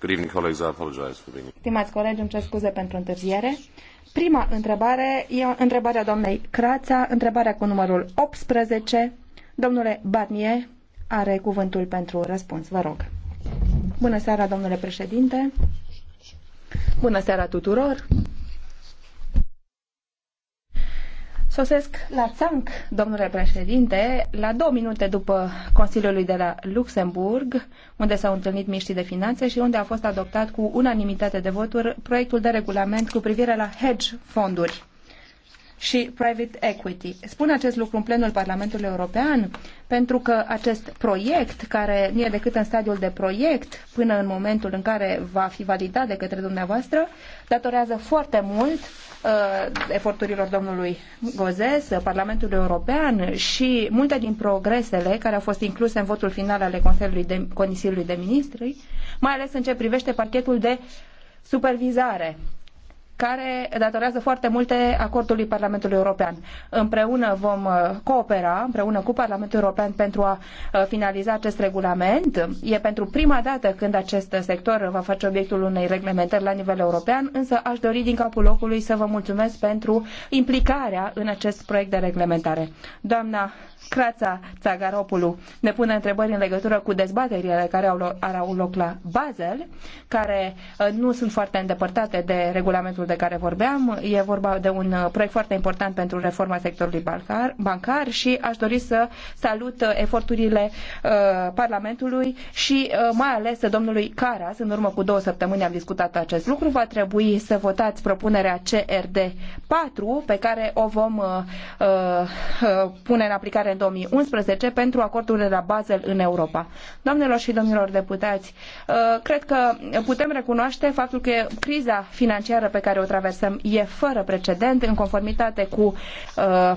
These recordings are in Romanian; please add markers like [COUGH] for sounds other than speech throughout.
Good evening, colleagues. I apologize for being... Stimați colegi, îmi cer scuze pentru întârziere. Prima întrebare e întrebarea doamnei Crața, întrebarea cu numărul 18. Domnule Barnier are cuvântul pentru răspuns. Vă rog. Bună seara, domnule președinte. Bună seara tuturor. Sosesc la țanc, domnule președinte, la două minute după Consiliului de la Luxemburg, unde s-au întâlnit miștii de finanțe și unde a fost adoptat cu unanimitate de voturi proiectul de regulament cu privire la hedge fonduri și private equity. Spun acest lucru în plenul Parlamentului European pentru că acest proiect, care nu e decât în stadiul de proiect până în momentul în care va fi validat de către dumneavoastră, datorează foarte mult uh, eforturilor domnului Gozes, Parlamentului European și multe din progresele care au fost incluse în votul final ale Consiliului de, Consiliului de Ministri, mai ales în ce privește pachetul de supervizare care datorează foarte multe acordului Parlamentului European. Împreună vom uh, coopera, împreună cu Parlamentul European, pentru a uh, finaliza acest regulament. E pentru prima dată când acest sector va face obiectul unei reglementări la nivel european, însă aș dori din capul locului să vă mulțumesc pentru implicarea în acest proiect de reglementare. Doamna Crața Tsagaropulu ne pune întrebări în legătură cu dezbaterile care au, au loc la Basel, care uh, nu sunt foarte îndepărtate de regulamentul de care vorbeam. E vorba de un uh, proiect foarte important pentru reforma sectorului bancar, bancar și aș dori să salut uh, eforturile Parlamentului și mai ales domnului Caras. În urmă cu două săptămâni am discutat acest lucru. Va trebui să votați propunerea CRD 4 pe care o vom uh, pune în aplicare 2011 pentru acordurile de la Basel în Europa. Doamnelor și domnilor deputați, uh, cred că putem recunoaște faptul că criza financiară pe care o traversăm e fără precedent în conformitate cu uh,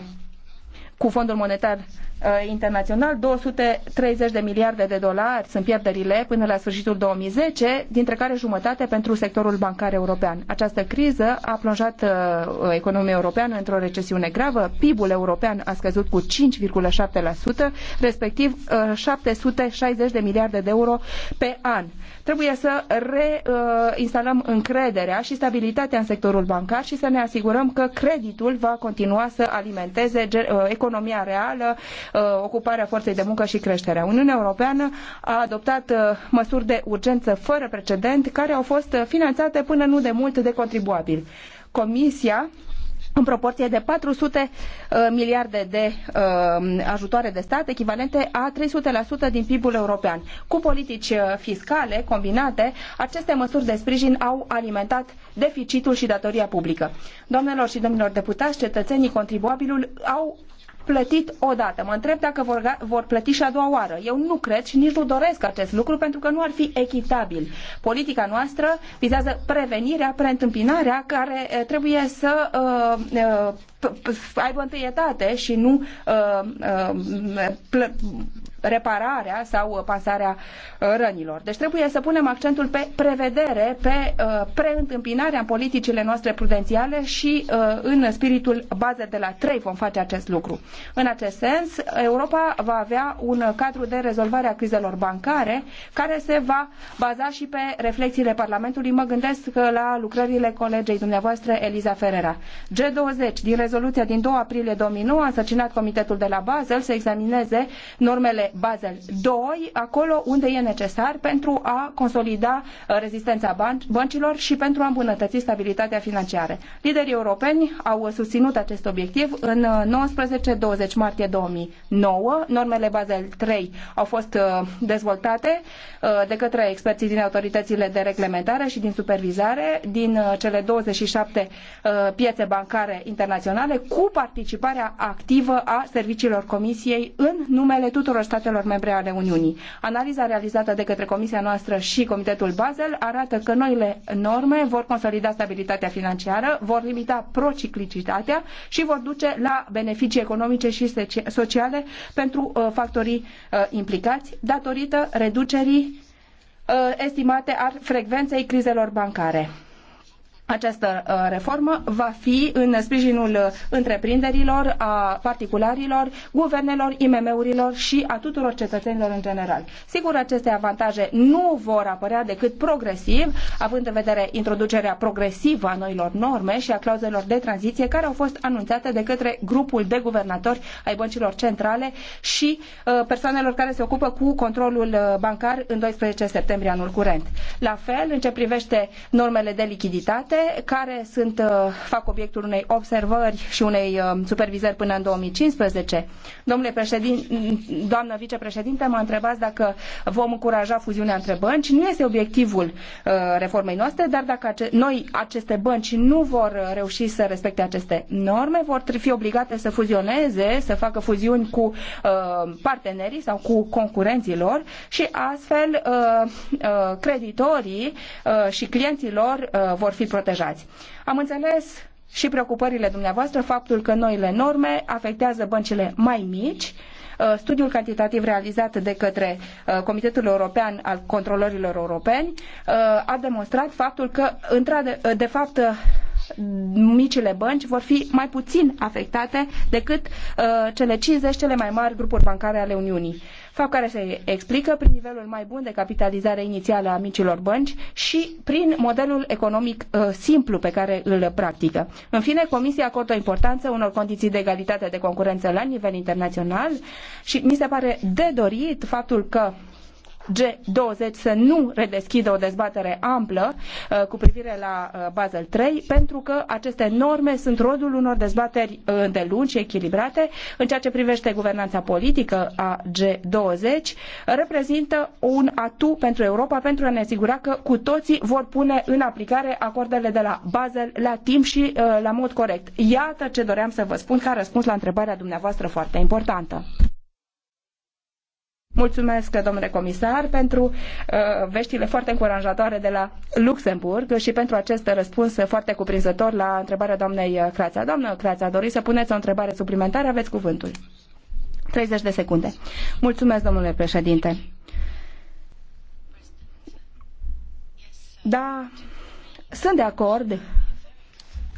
cu Fondul Monetar Uh, internațional, 230 de miliarde de dolari sunt pierderile până la sfârșitul 2010, dintre care jumătate pentru sectorul bancar european. Această criză a plonjat uh, economia europeană într-o recesiune gravă, PIB-ul european a scăzut cu 5,7%, respectiv 760 uh, de miliarde de euro pe an. Trebuie să reinstalăm încrederea și stabilitatea în sectorul bancar și să ne asigurăm că creditul va continua să alimenteze economia reală, Uh, ocuparea forței de muncă și creșterea. Uniunea Europeană a adoptat uh, măsuri de urgență fără precedent care au fost uh, finanțate până nu de mult de contribuabil. Comisia în proporție de 400 miliarde de ajutoare de stat, echivalente a 300% din PIB-ul european. Cu politici fiscale combinate, aceste măsuri de sprijin au alimentat deficitul și datoria publică. Doamnelor și domnilor deputați, cetățenii contribuabilul au plătit odată. Mă întreb dacă vor, vor plăti și a doua oară. Eu nu cred și nici nu doresc acest lucru pentru că nu ar fi echitabil. Politica noastră vizează prevenirea, preîntâmpinarea care eh, trebuie să uh, uh, aibă întâietate și nu uh, uh, repararea sau pasarea uh, rănilor. Deci trebuie să punem accentul pe prevedere, pe preîntâmpinarea în politicile noastre prudențiale și în spiritul bază de la 3 vom face acest lucru. În acest sens, Europa va avea un cadru de rezolvare a crizelor bancare care se va baza și pe reflexiile Parlamentului. Mă gândesc la lucrările colegei dumneavoastră Eliza Ferrera. G20 din rezoluția din 2 aprilie 2009 a însărcinat Comitetul de la Basel să examineze normele Basel II acolo unde e necesar pentru a consolida uh, rezistența băncilor și pentru a îmbunătăți stabilitatea financiară. Liderii europeni au susținut acest obiectiv în 19-20 uh, martie 2009. Normele Basel III au fost uh, dezvoltate de către experții din autoritățile de reglementare și din supervizare din cele 27 piețe bancare internaționale naționale cu participarea activă a serviciilor Comisiei în numele tuturor statelor membre ale Uniunii. Analiza realizată de către Comisia noastră și Comitetul Basel arată că noile norme vor consolida stabilitatea financiară, vor limita prociclicitatea și vor duce la beneficii economice și sociale pentru uh, factorii uh, implicați datorită reducerii uh, estimate a frecvenței crizelor bancare această uh, reformă va fi în sprijinul uh, întreprinderilor, a particularilor, guvernelor, IMM-urilor și a tuturor cetățenilor în general. Sigur, aceste avantaje nu vor apărea decât progresiv, având în vedere introducerea progresivă a noilor norme și a clauzelor de tranziție care au fost anunțate de către grupul de guvernatori ai băncilor centrale și uh, persoanelor care se ocupă cu controlul bancar în 12 septembrie anul curent. La fel, în ce privește normele de lichiditate, care sunt, uh, fac obiectul unei observări și unei um, supervizări până în 2015. Domnule președinte, doamnă vicepreședinte, mă întrebați dacă vom încuraja fuziunea între bănci. Nu este obiectivul uh, reformei noastre, dar dacă noi, aceste bănci, nu vor uh, reuși să respecte aceste norme, vor fi obligate să fuzioneze, să facă fuziuni cu partenerii sau cu concurenții lor și astfel creditorii și clienții lor vor fi protejați protejați. Am înțeles și preocupările dumneavoastră, faptul că noile norme afectează băncile mai mici, uh, studiul cantitativ realizat de către uh, Comitetul European al Controlorilor Europeni uh, a demonstrat faptul că, de fapt, micile bănci vor fi mai puțin afectate decât cele 50 cele mai mari grupuri bancare ale Uniunii fapt care se explică prin nivelul mai bun de capitalizare inițială a micilor bănci și prin modelul economic uh, simplu pe care îl practică. În fine, Comisia acordă o importanță unor condiții de egalitate de concurență la nivel internațional și mi se pare de dorit faptul că G20 să nu redeschidă o dezbatere amplă uh, cu privire la uh, Basel III, pentru că aceste norme sunt rodul unor dezbateri uh, îndelungi și echilibrate în ceea ce privește guvernanța politică a G20, reprezintă un atu pentru Europa pentru a ne asigura că cu toții vor pune în aplicare acordele de la Basel la timp și la mod corect. Iată ce doream să vă spun ca răspuns la întrebarea dumneavoastră foarte importantă. Mulțumesc, domnule comisar, pentru uh, veștile foarte încurajatoare de la Luxemburg și pentru acest răspuns foarte cuprinzător la întrebarea doamnei uh, Crața. Doamnă Crața, doriți să puneți o întrebare suplimentară? Aveți cuvântul. 30 de secunde. Mulțumesc, domnule președinte. Da, sunt de acord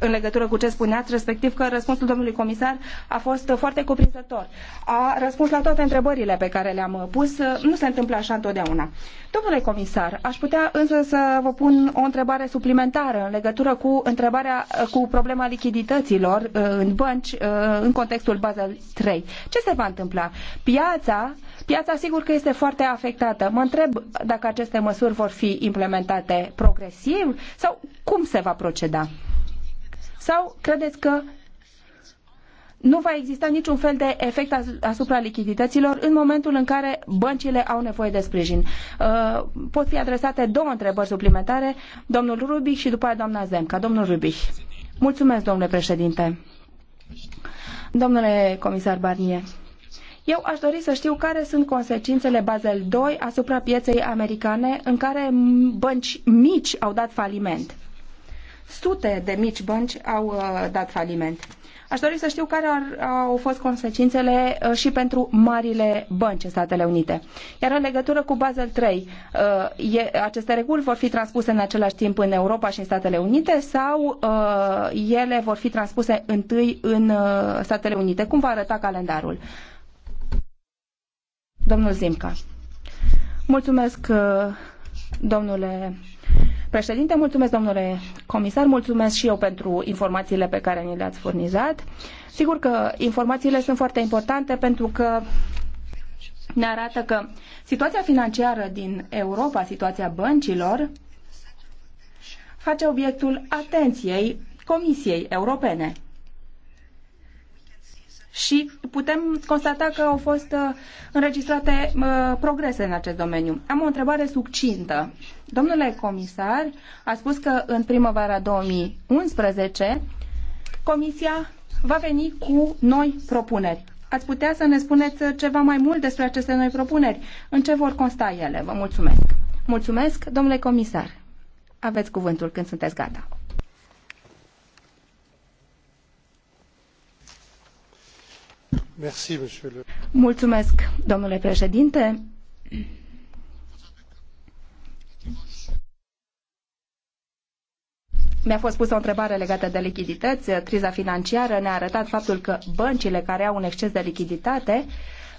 în legătură cu ce spuneați, respectiv că răspunsul domnului comisar a fost foarte cuprinzător. A răspuns la toate întrebările pe care le-am pus. Nu se întâmplă așa întotdeauna. Domnule comisar, aș putea însă să vă pun o întrebare suplimentară în legătură cu întrebarea cu problema lichidităților uh, în bănci uh, în contextul Basel 3. Ce se va întâmpla? Piața Piața sigur că este foarte afectată. Mă întreb dacă aceste măsuri vor fi implementate progresiv sau cum se va proceda. Sau credeți că nu va exista niciun fel de efect asupra lichidităților în momentul în care băncile au nevoie de sprijin. Uh, pot fi adresate două întrebări suplimentare, domnul Rubich și după aia doamna Zemca. Domnul Rubich. Mulțumesc, domnule președinte. Domnule comisar Barnier, eu aș dori să știu care sunt consecințele Basel II asupra pieței americane în care bănci mici au dat faliment Sute de mici bănci au uh, dat faliment. Aș dori să știu care ar, au fost consecințele uh, și pentru marile bănci în Statele Unite. Iar în legătură cu Basel III, uh, aceste reguli vor fi transpuse în același timp în Europa și în Statele Unite sau ele vor fi transpuse întâi în Statele Unite? Cum va arăta calendarul? Domnul Zimca. Mulțumesc, domnule Președinte, mulțumesc domnule comisar, mulțumesc și eu pentru informațiile pe care ni le-ați furnizat. Sigur că informațiile sunt foarte importante pentru că ne arată că situația financiară din Europa, situația băncilor, face obiectul atenției Comisiei Europene. Și putem constata că au fost uh, înregistrate uh, progrese în acest domeniu. Am o întrebare succintă Domnule comisar, a spus că în primăvara 2011 Comisia va veni cu noi propuneri. Ați putea să ne spuneți ceva mai mult despre aceste noi propuneri? În ce vor consta ele? Vă mulțumesc. Mulțumesc, domnule comisar. Aveți cuvântul când sunteți gata. Mulțumesc, domnule președinte. mi-a fost pusă o întrebare legată de lichidități. Criza financiară ne-a arătat faptul că băncile care au un exces de lichiditate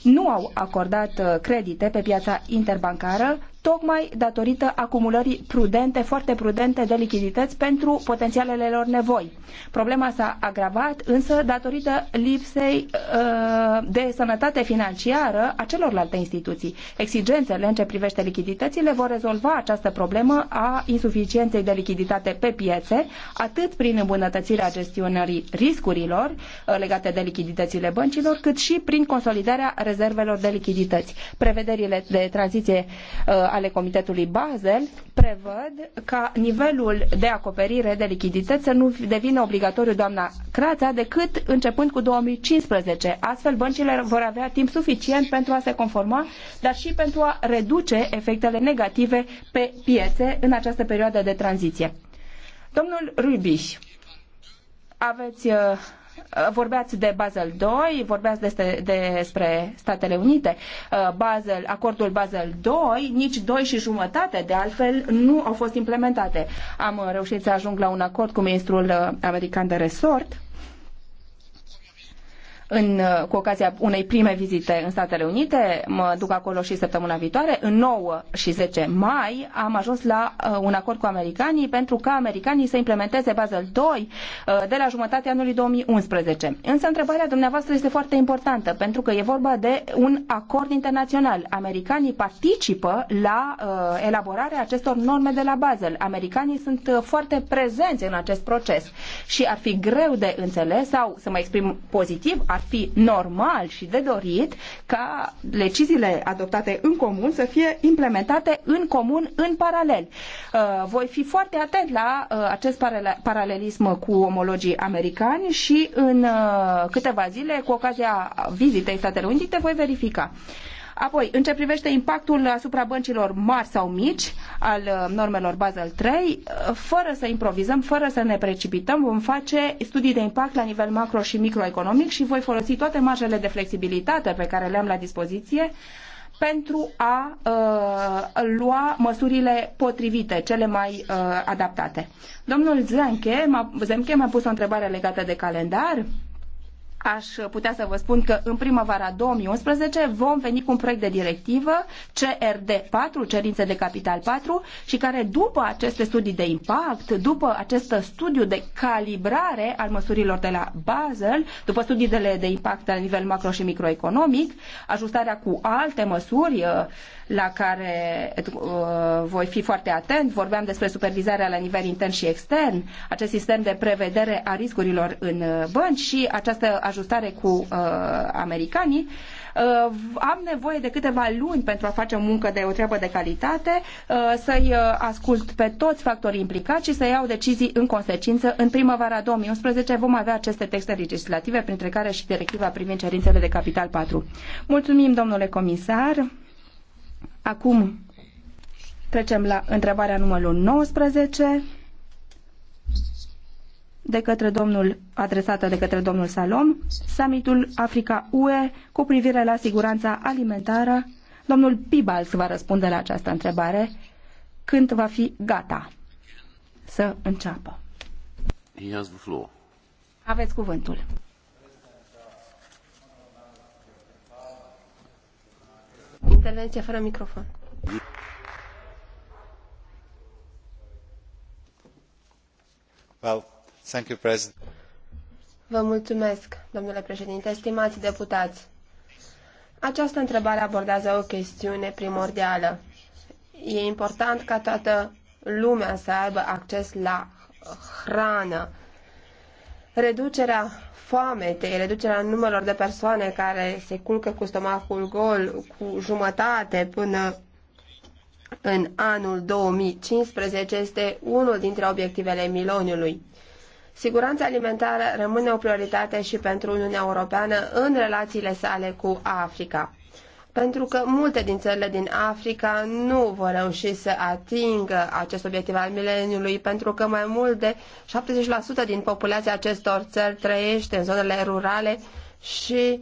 nu au acordat uh, credite pe piața interbancară tocmai datorită acumulării prudente, foarte prudente de lichidități pentru potențialele lor nevoi. Problema s-a agravat însă datorită lipsei uh, de sănătate financiară a celorlalte instituții. Exigențele în ce privește lichiditățile vor rezolva această problemă a insuficienței de lichiditate pe piețe, atât prin îmbunătățirea gestionării riscurilor uh, legate de lichiditățile băncilor, cât și prin consolidarea rezervelor de lichidități. Prevederile de tranziție uh, ale Comitetului Basel prevăd ca nivelul de acoperire de lichidități să nu devină obligatoriu, doamna Crața, decât începând cu 2015. Astfel, băncile vor avea timp suficient pentru a se conforma, dar și pentru a reduce efectele negative pe piețe în această perioadă de tranziție. Domnul Rubiș, aveți uh, vorbeați de Basel II, vorbeați despre, Statele Unite, uh, Basel, acordul Basel II, nici doi și jumătate de altfel nu au fost implementate. Am reușit să ajung la un acord cu ministrul uh, american de resort în, uh, cu ocazia unei prime vizite în Statele Unite, mă duc acolo și săptămâna viitoare, în 9 și 10 mai am ajuns la uh, un acord cu americanii pentru ca americanii să implementeze Basel II uh, de la jumătatea anului 2011. Însă întrebarea dumneavoastră este foarte importantă pentru că e vorba de un acord internațional. Americanii participă la elaborarea acestor norme de la Basel. Americanii sunt foarte prezenți în acest proces și ar fi greu de înțeles sau să mă exprim pozitiv, ar fi normal și de dorit ca deciziile adoptate în comun să fie implementate în comun în paralel. Uh, voi fi foarte atent la uh, acest paralelism cu omologii americani și în uh, câteva zile, cu ocazia vizitei Statelor Unite, voi verifica. Apoi, în ce privește impactul asupra băncilor mari sau mici al uh, normelor Basel III, uh, fără să improvizăm, fără să ne precipităm, vom face studii de impact la nivel macro și microeconomic și voi folosi toate marjele de flexibilitate pe care le am la dispoziție pentru a uh, lua măsurile potrivite, cele mai uh, adaptate. Domnul Zemke m-a pus o întrebare legată de calendar aș putea să vă spun că în primăvara 2011 vom veni cu un proiect de directivă CRD4, cerințe de capital 4, și care după aceste studii de impact, după acest studiu de calibrare al măsurilor de la Basel, după studiile de impact la nivel macro și microeconomic, ajustarea cu alte măsuri, la care uh, voi fi foarte atent. Vorbeam despre supervizarea la nivel intern și extern, acest sistem de prevedere a riscurilor în uh, bănci și această ajustare cu uh, americanii am nevoie de câteva luni pentru a face o muncă de o treabă de calitate, să-i ascult pe toți factorii implicați și să iau decizii în consecință. În primăvara 2011 vom avea aceste texte legislative, printre care și directiva privind cerințele de capital 4. Mulțumim, domnule comisar. Acum trecem la întrebarea numărul 19 de către domnul, adresată de către domnul Salom, summitul Africa-UE cu privire la siguranța alimentară. Domnul Pibals va răspunde la această întrebare când va fi gata să înceapă. Aveți cuvântul. Intervenție fără microfon. Well, thank you, President. Vă mulțumesc, domnule președinte, stimați deputați. Această întrebare abordează o chestiune primordială. E important ca toată lumea să aibă acces la hrană reducerea foametei, reducerea numărului de persoane care se culcă cu stomacul gol cu jumătate până în anul 2015 este unul dintre obiectivele miloniului. Siguranța alimentară rămâne o prioritate și pentru Uniunea Europeană în relațiile sale cu Africa pentru că multe din țările din Africa nu vor reuși să atingă acest obiectiv al mileniului, pentru că mai mult de 70% din populația acestor țări trăiește în zonele rurale și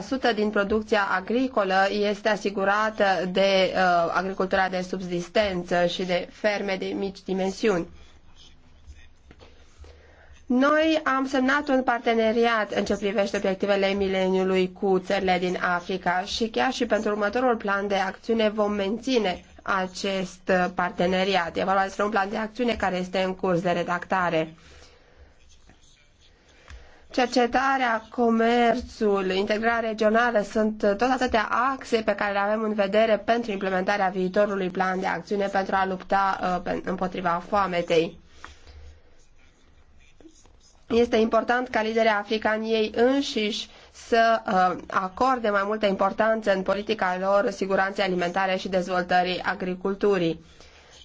90% din producția agricolă este asigurată de uh, agricultura de subsistență și de ferme de mici dimensiuni. Noi am semnat un parteneriat în ce privește obiectivele mileniului cu țările din Africa și chiar și pentru următorul plan de acțiune vom menține acest parteneriat. E vorba despre un plan de acțiune care este în curs de redactare. Cercetarea, comerțul, integrarea regională sunt tot atâtea axe pe care le avem în vedere pentru implementarea viitorului plan de acțiune pentru a lupta uh, împotriva foametei. Este important ca liderii africani ei înșiși să uh, acorde mai multă importanță în politica lor siguranței alimentare și dezvoltării agriculturii.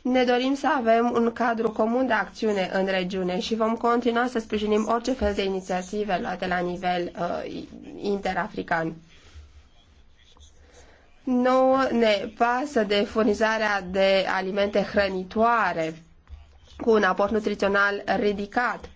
Ne dorim să avem un cadru comun de acțiune în regiune și vom continua să sprijinim orice fel de inițiative luate la nivel uh, interafrican. Nu ne pasă de furnizarea de alimente hrănitoare cu un aport nutrițional ridicat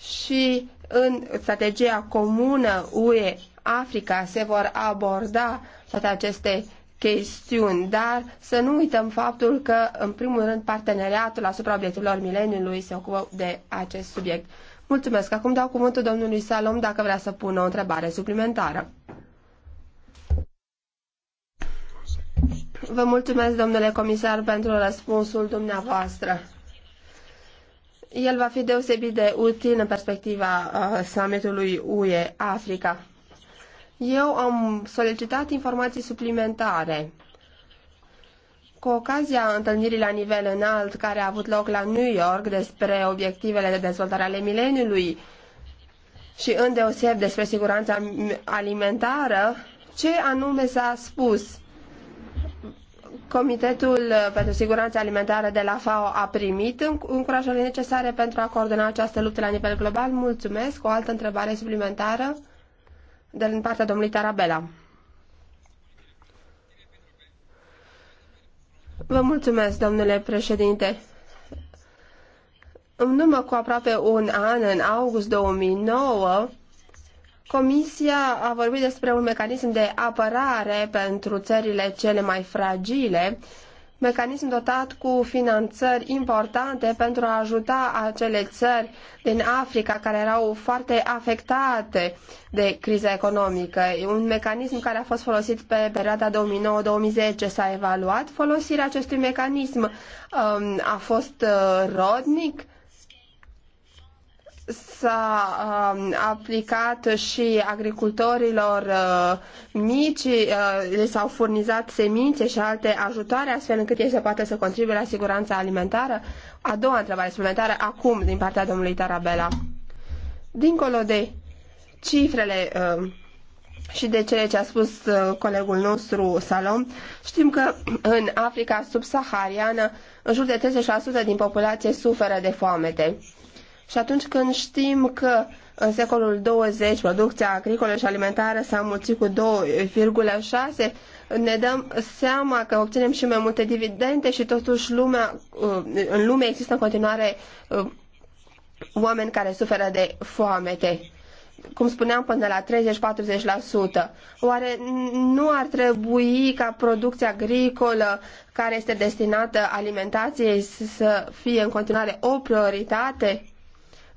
și în strategia comună UE Africa se vor aborda toate aceste chestiuni, dar să nu uităm faptul că, în primul rând, parteneriatul asupra obiectivelor mileniului se ocupă de acest subiect. Mulțumesc. Acum dau cuvântul domnului Salom dacă vrea să pună o întrebare suplimentară. Vă mulțumesc, domnule comisar, pentru răspunsul dumneavoastră. El va fi deosebit de util în perspectiva uh, summitului UE-Africa. Eu am solicitat informații suplimentare. Cu ocazia întâlnirii la nivel înalt care a avut loc la New York despre obiectivele de dezvoltare ale mileniului și îndeoseb despre siguranța alimentară, ce anume s-a spus? Comitetul uh, pentru Siguranță Alimentară de la FAO a primit încurajările necesare pentru a coordona această luptă la nivel global. Mulțumesc. O altă întrebare suplimentară din partea domnului Tarabela. Vă mulțumesc, domnule președinte. În urmă cu aproape un an, în august 2009, Comisia a vorbit despre un mecanism de apărare pentru țările cele mai fragile, mecanism dotat cu finanțări importante pentru a ajuta acele țări din Africa care erau foarte afectate de criza economică. Un mecanism care a fost folosit pe perioada 2009-2010 s-a evaluat. Folosirea acestui mecanism um, a fost uh, rodnic s-a uh, aplicat și agricultorilor uh, mici, uh, le s-au furnizat semințe și alte ajutoare, astfel încât ei să poată să contribuie la siguranța alimentară? A doua întrebare suplimentară, acum, din partea domnului Tarabela. Dincolo de cifrele uh, și de cele ce a spus uh, colegul nostru Salom, știm că în Africa subsahariană în jur de 30% din populație suferă de foamete. Și atunci când știm că în secolul 20 producția agricolă și alimentară s-a mulțit cu 2,6, ne dăm seama că obținem și mai multe dividende și totuși lumea, uh, în lume există în continuare uh, oameni care suferă de foamete cum spuneam, până la 30-40%. Oare nu ar trebui ca producția agricolă care este destinată alimentației să fie în continuare o prioritate?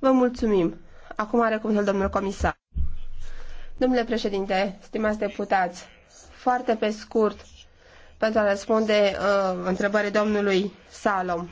Vă mulțumim. Acum are cuvântul domnul comisar. Domnule președinte, stimați deputați, foarte pe scurt, pentru a răspunde uh, întrebării domnului Salom.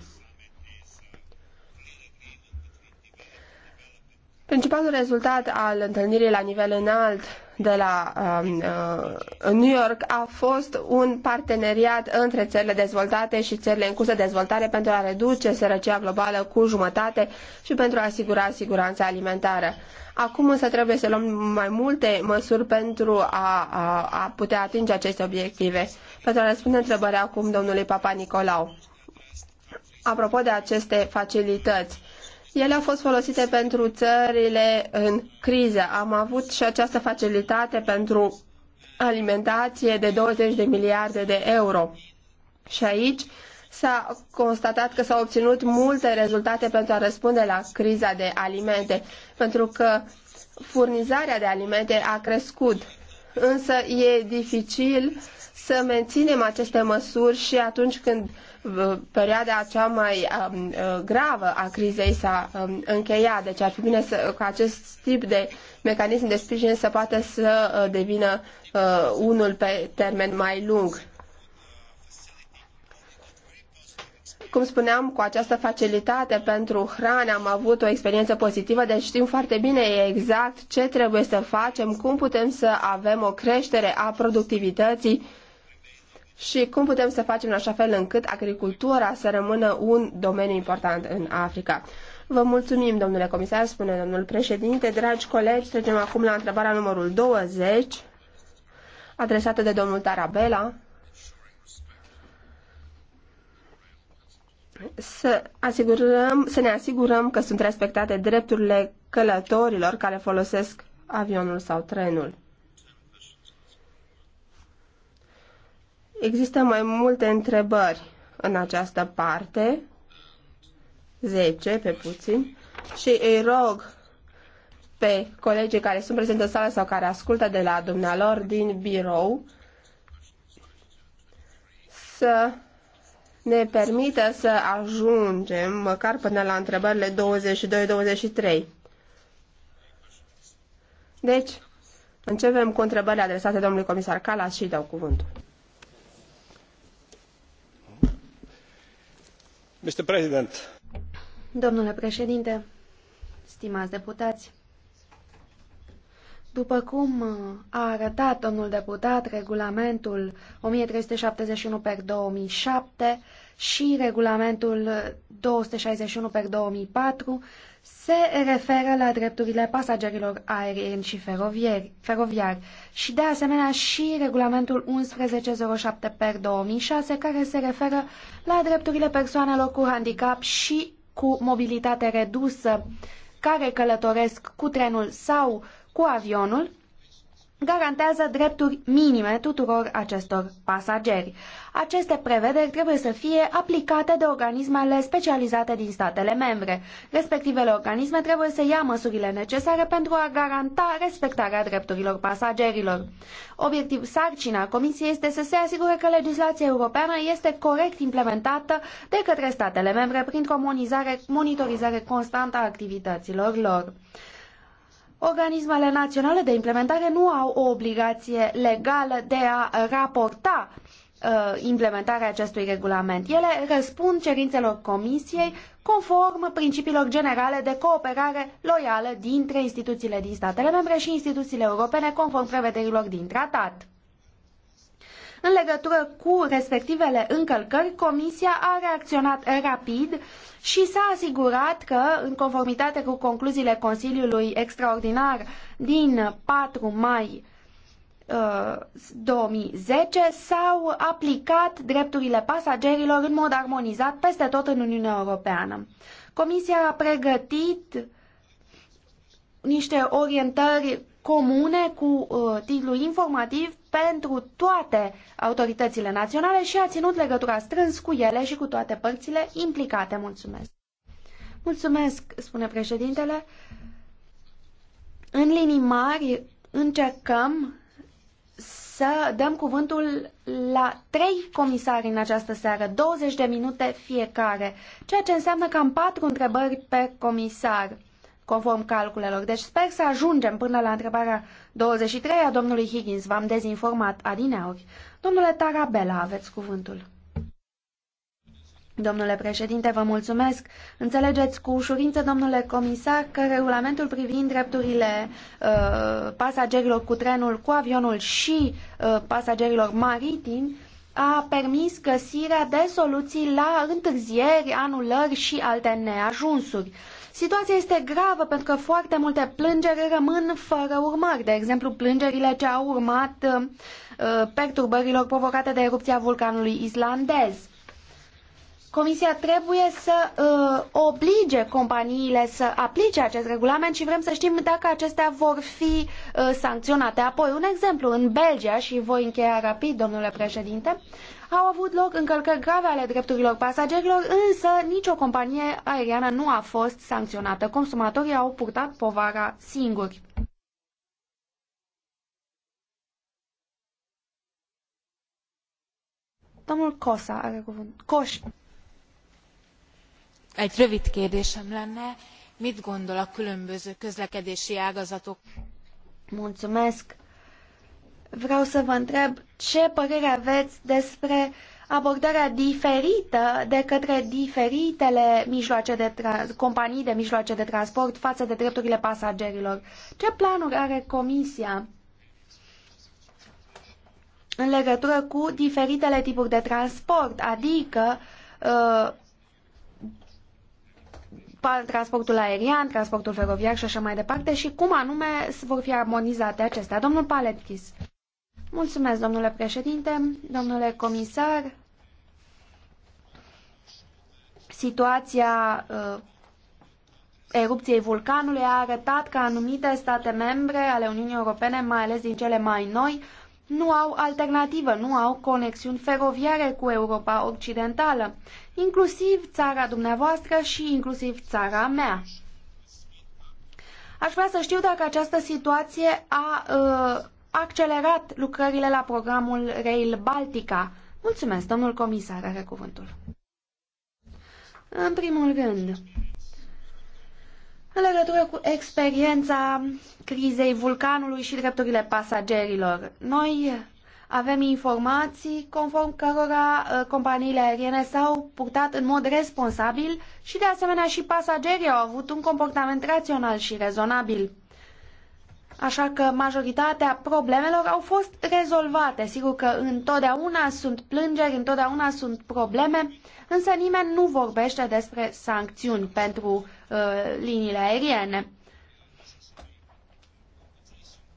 Principalul rezultat al întâlnirii la nivel înalt de la um, uh, New York a fost un parteneriat între țările dezvoltate și țările în curs de dezvoltare pentru a reduce sărăcia globală cu jumătate și pentru a asigura siguranța alimentară. Acum însă trebuie să luăm mai multe măsuri pentru a, a, a putea atinge aceste obiective. Pentru a răspunde întrebarea acum domnului Papa Nicolau. Apropo de aceste facilități, ele au fost folosite pentru țările în criză. Am avut și această facilitate pentru alimentație de 20 de miliarde de euro. Și aici s-a constatat că s-au obținut multe rezultate pentru a răspunde la criza de alimente, pentru că furnizarea de alimente a crescut. Însă e dificil să menținem aceste măsuri și atunci când uh, perioada cea mai um, uh, gravă a crizei s-a um, încheiat. Deci ar fi bine să, ca acest tip de mecanism de sprijin să poată să uh, devină unul pe termen mai lung. Cum spuneam, cu această facilitate pentru hrane am avut o experiență pozitivă, deci știm foarte bine exact ce trebuie să facem, cum putem să avem o creștere a productivității și cum putem să facem în așa fel încât agricultura să rămână un domeniu important în Africa. Vă mulțumim, domnule comisar, spune domnul președinte. Dragi colegi, trecem acum la întrebarea numărul 20, adresată de domnul Tarabela. Să, asigurăm, să ne asigurăm că sunt respectate drepturile călătorilor care folosesc avionul sau trenul. Există mai multe întrebări în această parte, 10 pe puțin, și îi rog pe colegii care sunt prezenți în sală sau care ascultă de la dumnealor din birou să ne permită să ajungem măcar până la întrebările 22-23. Deci, începem cu întrebările adresate domnului comisar Calas și dau cuvântul. Domnule președinte, stimați deputați, după cum uh, a arătat domnul deputat, regulamentul 1371 per 2007 și regulamentul 261 per 2004 se referă la drepturile pasagerilor aerieni și feroviari, și de asemenea și regulamentul 1107 per 2006 care se referă la drepturile persoanelor cu handicap și cu mobilitate redusă care călătoresc cu trenul sau cu avionul garantează drepturi minime tuturor acestor pasageri. Aceste prevederi trebuie să fie aplicate de organismele specializate din statele membre. Respectivele organisme trebuie să ia măsurile necesare pentru a garanta respectarea drepturilor pasagerilor. Obiectiv sarcina Comisiei este să se asigure că legislația europeană este corect implementată de către statele membre printr-o monitorizare constantă a activităților lor. Organismele naționale de implementare nu au o obligație legală de a raporta uh, implementarea acestui regulament. Ele răspund cerințelor Comisiei conform principiilor generale de cooperare loială dintre instituțiile din statele membre și instituțiile europene conform prevederilor din tratat. În legătură cu respectivele încălcări, Comisia a reacționat rapid și s-a asigurat că, în conformitate cu concluziile Consiliului Extraordinar din 4 mai 2010 uh, s-au aplicat drepturile pasagerilor în mod armonizat peste tot în Uniunea Europeană. Comisia a pregătit niște orientări comune cu uh, titlu informativ pentru toate autoritățile naționale și a ținut legătura strâns cu ele și cu toate părțile implicate. Mulțumesc! Mulțumesc, spune președintele. În linii mari încercăm să dăm cuvântul la trei comisari în această seară, 20 de minute fiecare, ceea ce înseamnă cam patru întrebări pe comisar conform calculelor. Deci sper să ajungem până la întrebarea 23 a domnului Higgins. V-am dezinformat adineori. Domnule Tarabela, aveți cuvântul. Domnule președinte, vă mulțumesc. Înțelegeți cu ușurință, domnule comisar, că regulamentul privind drepturile uh, pasagerilor cu trenul, cu avionul și uh, pasagerilor maritimi a permis găsirea de soluții la întârzieri, anulări și alte neajunsuri. Situația este gravă pentru că foarte multe plângeri rămân fără urmări, de exemplu plângerile ce au urmat uh, perturbărilor provocate de erupția vulcanului islandez. Comisia trebuie să uh, oblige companiile să aplice acest regulament și vrem să știm dacă acestea vor fi uh, sancționate. Apoi, un exemplu, în Belgia, și voi încheia rapid, domnule președinte, au avut loc încălcări grave ale drepturilor pasagerilor, însă nicio companie aeriană nu a fost sancționată. Consumatorii au purtat povara singuri. Domnul Cosa are cuvânt. Coș egy rövid kérdésem lenne mit gondol a különböző közlekedési ágazatok. Mulțumesc. Vreau să vă întreb ce părere aveți despre abordarea diferită de către diferitele mijloace de companii de mijloace de transport față de drepturile pasagerilor. Ce planuri are Comisia în legătură cu diferitele tipuri de transport, adică uh, transportul aerian, transportul feroviar și așa mai departe și cum anume vor fi armonizate acestea. Domnul Paletkis. Mulțumesc, domnule președinte, domnule comisar. Situația uh, erupției vulcanului a arătat că anumite state membre ale Uniunii Europene, mai ales din cele mai noi, nu au alternativă, nu au conexiuni feroviare cu Europa Occidentală, inclusiv țara dumneavoastră și inclusiv țara mea. Aș vrea să știu dacă această situație a uh, accelerat lucrările la programul Rail Baltica. Mulțumesc, domnul comisar, are cuvântul. În primul rând, în legătură cu experiența crizei vulcanului și drepturile pasagerilor. Noi avem informații conform cărora uh, companiile aeriene s-au purtat în mod responsabil și de asemenea și pasagerii au avut un comportament rațional și rezonabil. Așa că majoritatea problemelor au fost rezolvate. Sigur că întotdeauna sunt plângeri, întotdeauna sunt probleme, însă nimeni nu vorbește despre sancțiuni pentru Uh, liniile aeriene.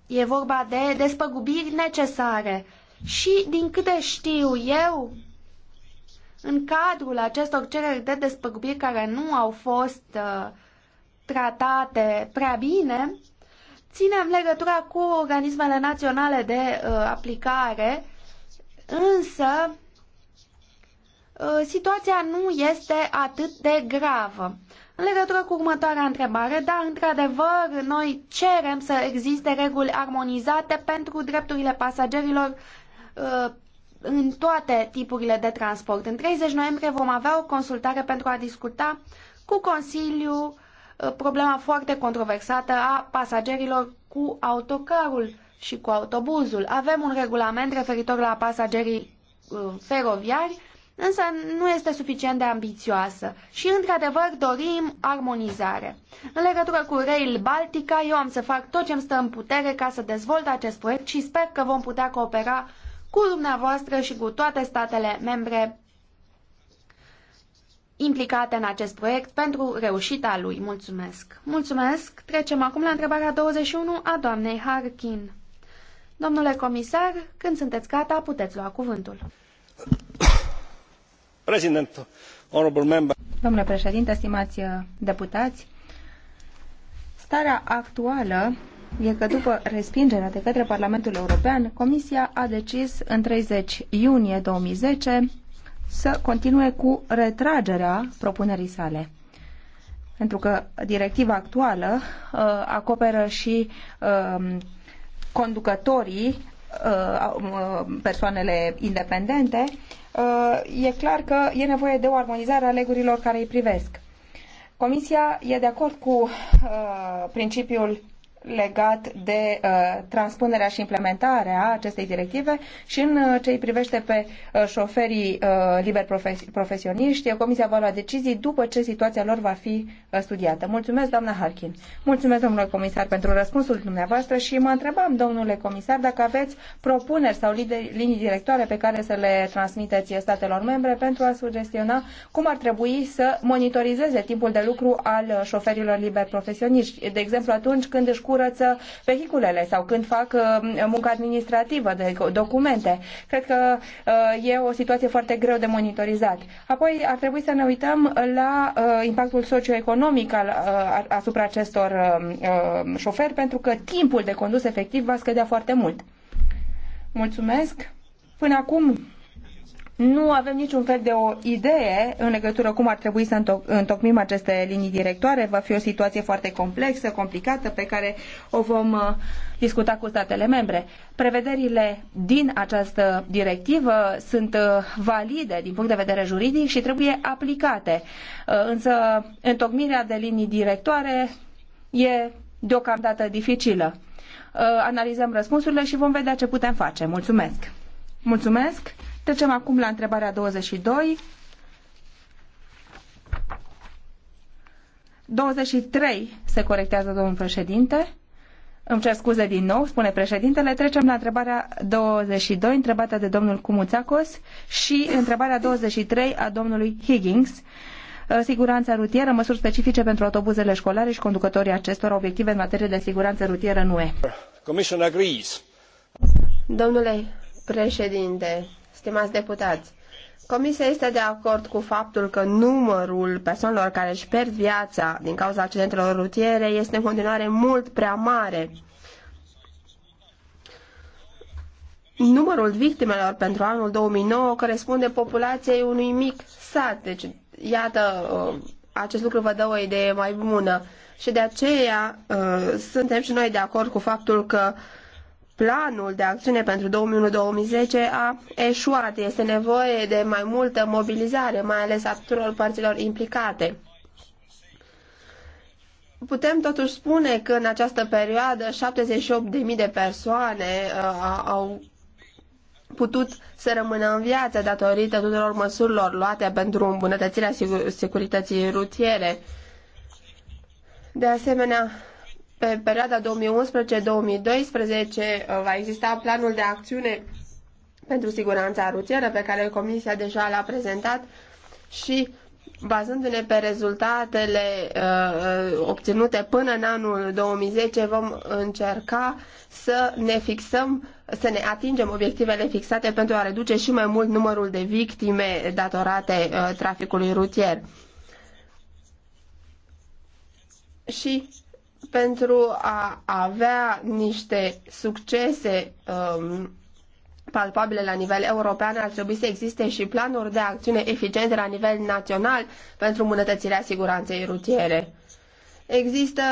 E vorba de despăgubiri necesare și, din câte știu eu, în cadrul acestor cereri de despăgubiri care nu au fost uh, tratate prea bine, ținem legătura cu organismele naționale de uh, aplicare, însă uh, situația nu este atât de gravă. În legătură cu următoarea întrebare, da, într-adevăr, noi cerem să existe reguli armonizate pentru drepturile pasagerilor uh, în toate tipurile de transport. În 30 noiembrie vom avea o consultare pentru a discuta cu Consiliul uh, problema foarte controversată a pasagerilor cu autocarul și cu autobuzul. Avem un regulament referitor la pasagerii uh, feroviari însă nu este suficient de ambițioasă și, într-adevăr, dorim armonizare. În legătură cu Rail Baltica, eu am să fac tot ce mi stă în putere ca să dezvolt acest proiect și sper că vom putea coopera cu dumneavoastră și cu toate statele membre implicate în acest proiect pentru reușita lui. Mulțumesc! Mulțumesc! Trecem acum la întrebarea 21 a doamnei Harkin. Domnule comisar, când sunteți gata, puteți lua cuvântul. [COUGHS] Domnule președinte, stimați uh, deputați, starea actuală e că după respingerea de către Parlamentul European, Comisia a decis în 30 iunie 2010 să continue cu retragerea propunerii sale. Pentru că directiva actuală uh, acoperă și um, uh, conducătorii, uh, persoanele independente, uh, Uh, e clar că e nevoie de o armonizare a legurilor care îi privesc. Comisia e de acord cu uh, principiul legat de uh, transpunerea și implementarea acestei directive și în uh, ce îi privește pe uh, șoferii uh, liber profesioniști, uh, Comisia va lua decizii după ce situația lor va fi uh, studiată. Mulțumesc, doamna Harkin. Mulțumesc, domnule comisar, pentru răspunsul dumneavoastră și mă întrebam, domnule comisar, dacă aveți propuneri sau linii directoare pe care să le transmiteți statelor membre pentru a sugestiona cum ar trebui să monitorizeze timpul de lucru al șoferilor liber profesioniști. De exemplu, atunci când își curăță vehiculele sau când fac uh, muncă administrativă de documente. Cred că uh, e o situație foarte greu de monitorizat. Apoi ar trebui să ne uităm la uh, impactul socioeconomic al, asupra acestor șoferi, pentru că timpul de condus efectiv va scădea foarte mult. Mulțumesc! Până acum nu avem niciun fel de o idee în legătură cum ar trebui să întocmim aceste linii directoare. Va fi o situație foarte complexă, complicată, pe care o vom uh, discuta cu statele membre. Prevederile din această directivă sunt uh, valide din punct de vedere juridic și trebuie aplicate. Uh, însă întocmirea de linii directoare e deocamdată dificilă. Analizăm răspunsurile și vom vedea ce putem face. Mulțumesc! Mulțumesc! Trecem acum la întrebarea 22. 23 se corectează domnul președinte. Îmi cer scuze din nou, spune președintele. Trecem la întrebarea 22, întrebată de domnul Cumuțacos și întrebarea 23 a domnului Higgins. Uh, siguranța rutieră, măsuri specifice pentru autobuzele școlare și conducătorii acestora, obiective în materie de siguranță rutieră nu e. Domnule președinte, stimați deputați, Comisia este de acord cu faptul că numărul persoanelor care își pierd viața din cauza accidentelor rutiere este în continuare mult prea mare. Numărul victimelor pentru anul 2009 corespunde populației unui mic sat, deci iată, uh, acest lucru vă dă o idee mai bună și de aceea uh, suntem și noi de acord cu faptul că planul de acțiune pentru 2001-2010 a eșuat. Este nevoie de mai multă mobilizare, mai ales a tuturor părților implicate. Putem totuși spune că în această perioadă 78.000 de persoane uh, au putut să rămână în viață datorită tuturor măsurilor luate pentru îmbunătățirea sigur- securității rutiere. De asemenea, pe perioada 2011-2012 uh, va exista planul de acțiune pentru siguranța rutieră pe care Comisia deja l-a prezentat și bazându-ne pe rezultatele uh, uh obținute până în anul 2010 vom încerca să ne fixăm, să ne atingem obiectivele fixate pentru a reduce și mai mult numărul de victime datorate uh, traficului rutier. Și pentru a avea niște succese um, palpabile la nivel european, ar trebui să existe și planuri de acțiune eficiente la nivel național pentru îmbunătățirea siguranței rutiere. Există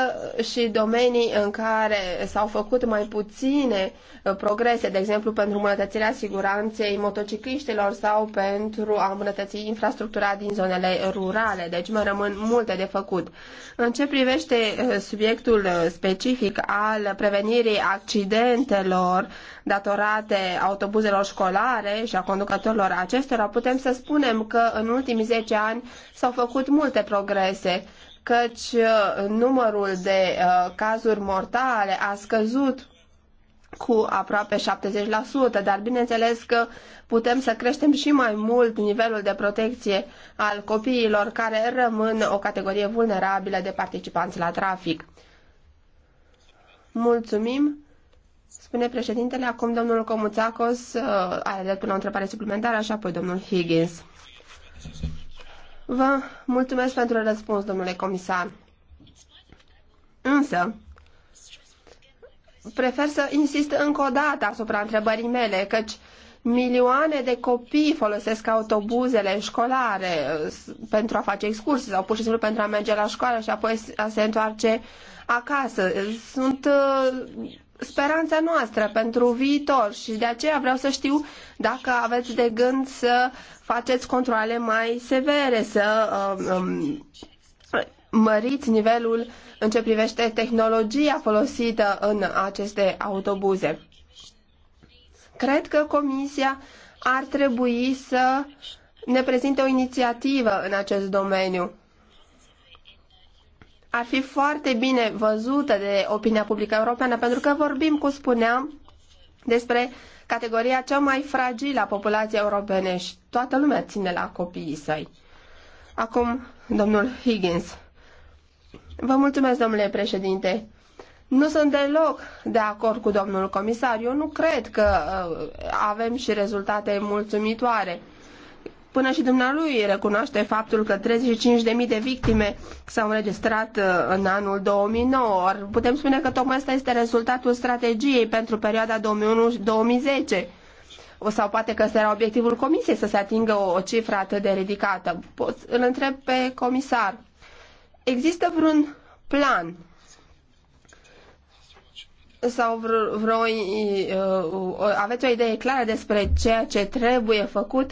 și domenii în care s-au făcut mai puține uh, progrese, de exemplu pentru îmbunătățirea siguranței motocicliștilor sau pentru a îmbunătăți infrastructura din zonele rurale, deci mai rămân multe de făcut. În ce privește uh, subiectul uh, specific al prevenirii accidentelor datorate autobuzelor școlare și a conducătorilor acestora, putem să spunem că în ultimii 10 ani s-au făcut multe progrese căci uh, numărul de uh, cazuri mortale a scăzut cu aproape 70%, dar bineînțeles că putem să creștem și mai mult nivelul de protecție al copiilor care rămân o categorie vulnerabilă de participanți la trafic. Mulțumim! Spune președintele, acum domnul Comuțacos uh, are dreptul la o întrebare suplimentară, așa apoi domnul Higgins. Vă mulțumesc pentru răspuns, domnule comisar. Însă, prefer să insist încă o dată asupra întrebării mele, căci milioane de copii folosesc autobuzele școlare uh, pentru a face excursii sau pur și simplu pentru a merge la școală și apoi a se întoarce acasă. Sunt uh, speranța noastră pentru viitor și de aceea vreau să știu dacă aveți de gând să faceți controle mai severe, să um, um, măriți nivelul în ce privește tehnologia folosită în aceste autobuze. Cred că Comisia ar trebui să ne prezinte o inițiativă în acest domeniu ar fi foarte bine văzută de opinia publică europeană, pentru că vorbim, cum spuneam, despre categoria cea mai fragilă a populației europene și toată lumea ține la copiii săi. Acum, domnul Higgins. Vă mulțumesc, domnule președinte. Nu sunt deloc de acord cu domnul comisar. Eu nu cred că uh, avem și rezultate mulțumitoare. Până și dumnealui recunoaște faptul că 35.000 de victime s-au înregistrat uh, în anul 2009. Or, putem spune că tocmai asta este rezultatul strategiei pentru perioada 2001-2010 sau poate că era obiectivul comisiei să se atingă o, o cifră atât de ridicată. Pot, îl întreb pe comisar. Există vreun plan sau vreo, vreo, uh, aveți o idee clară despre ceea ce trebuie făcut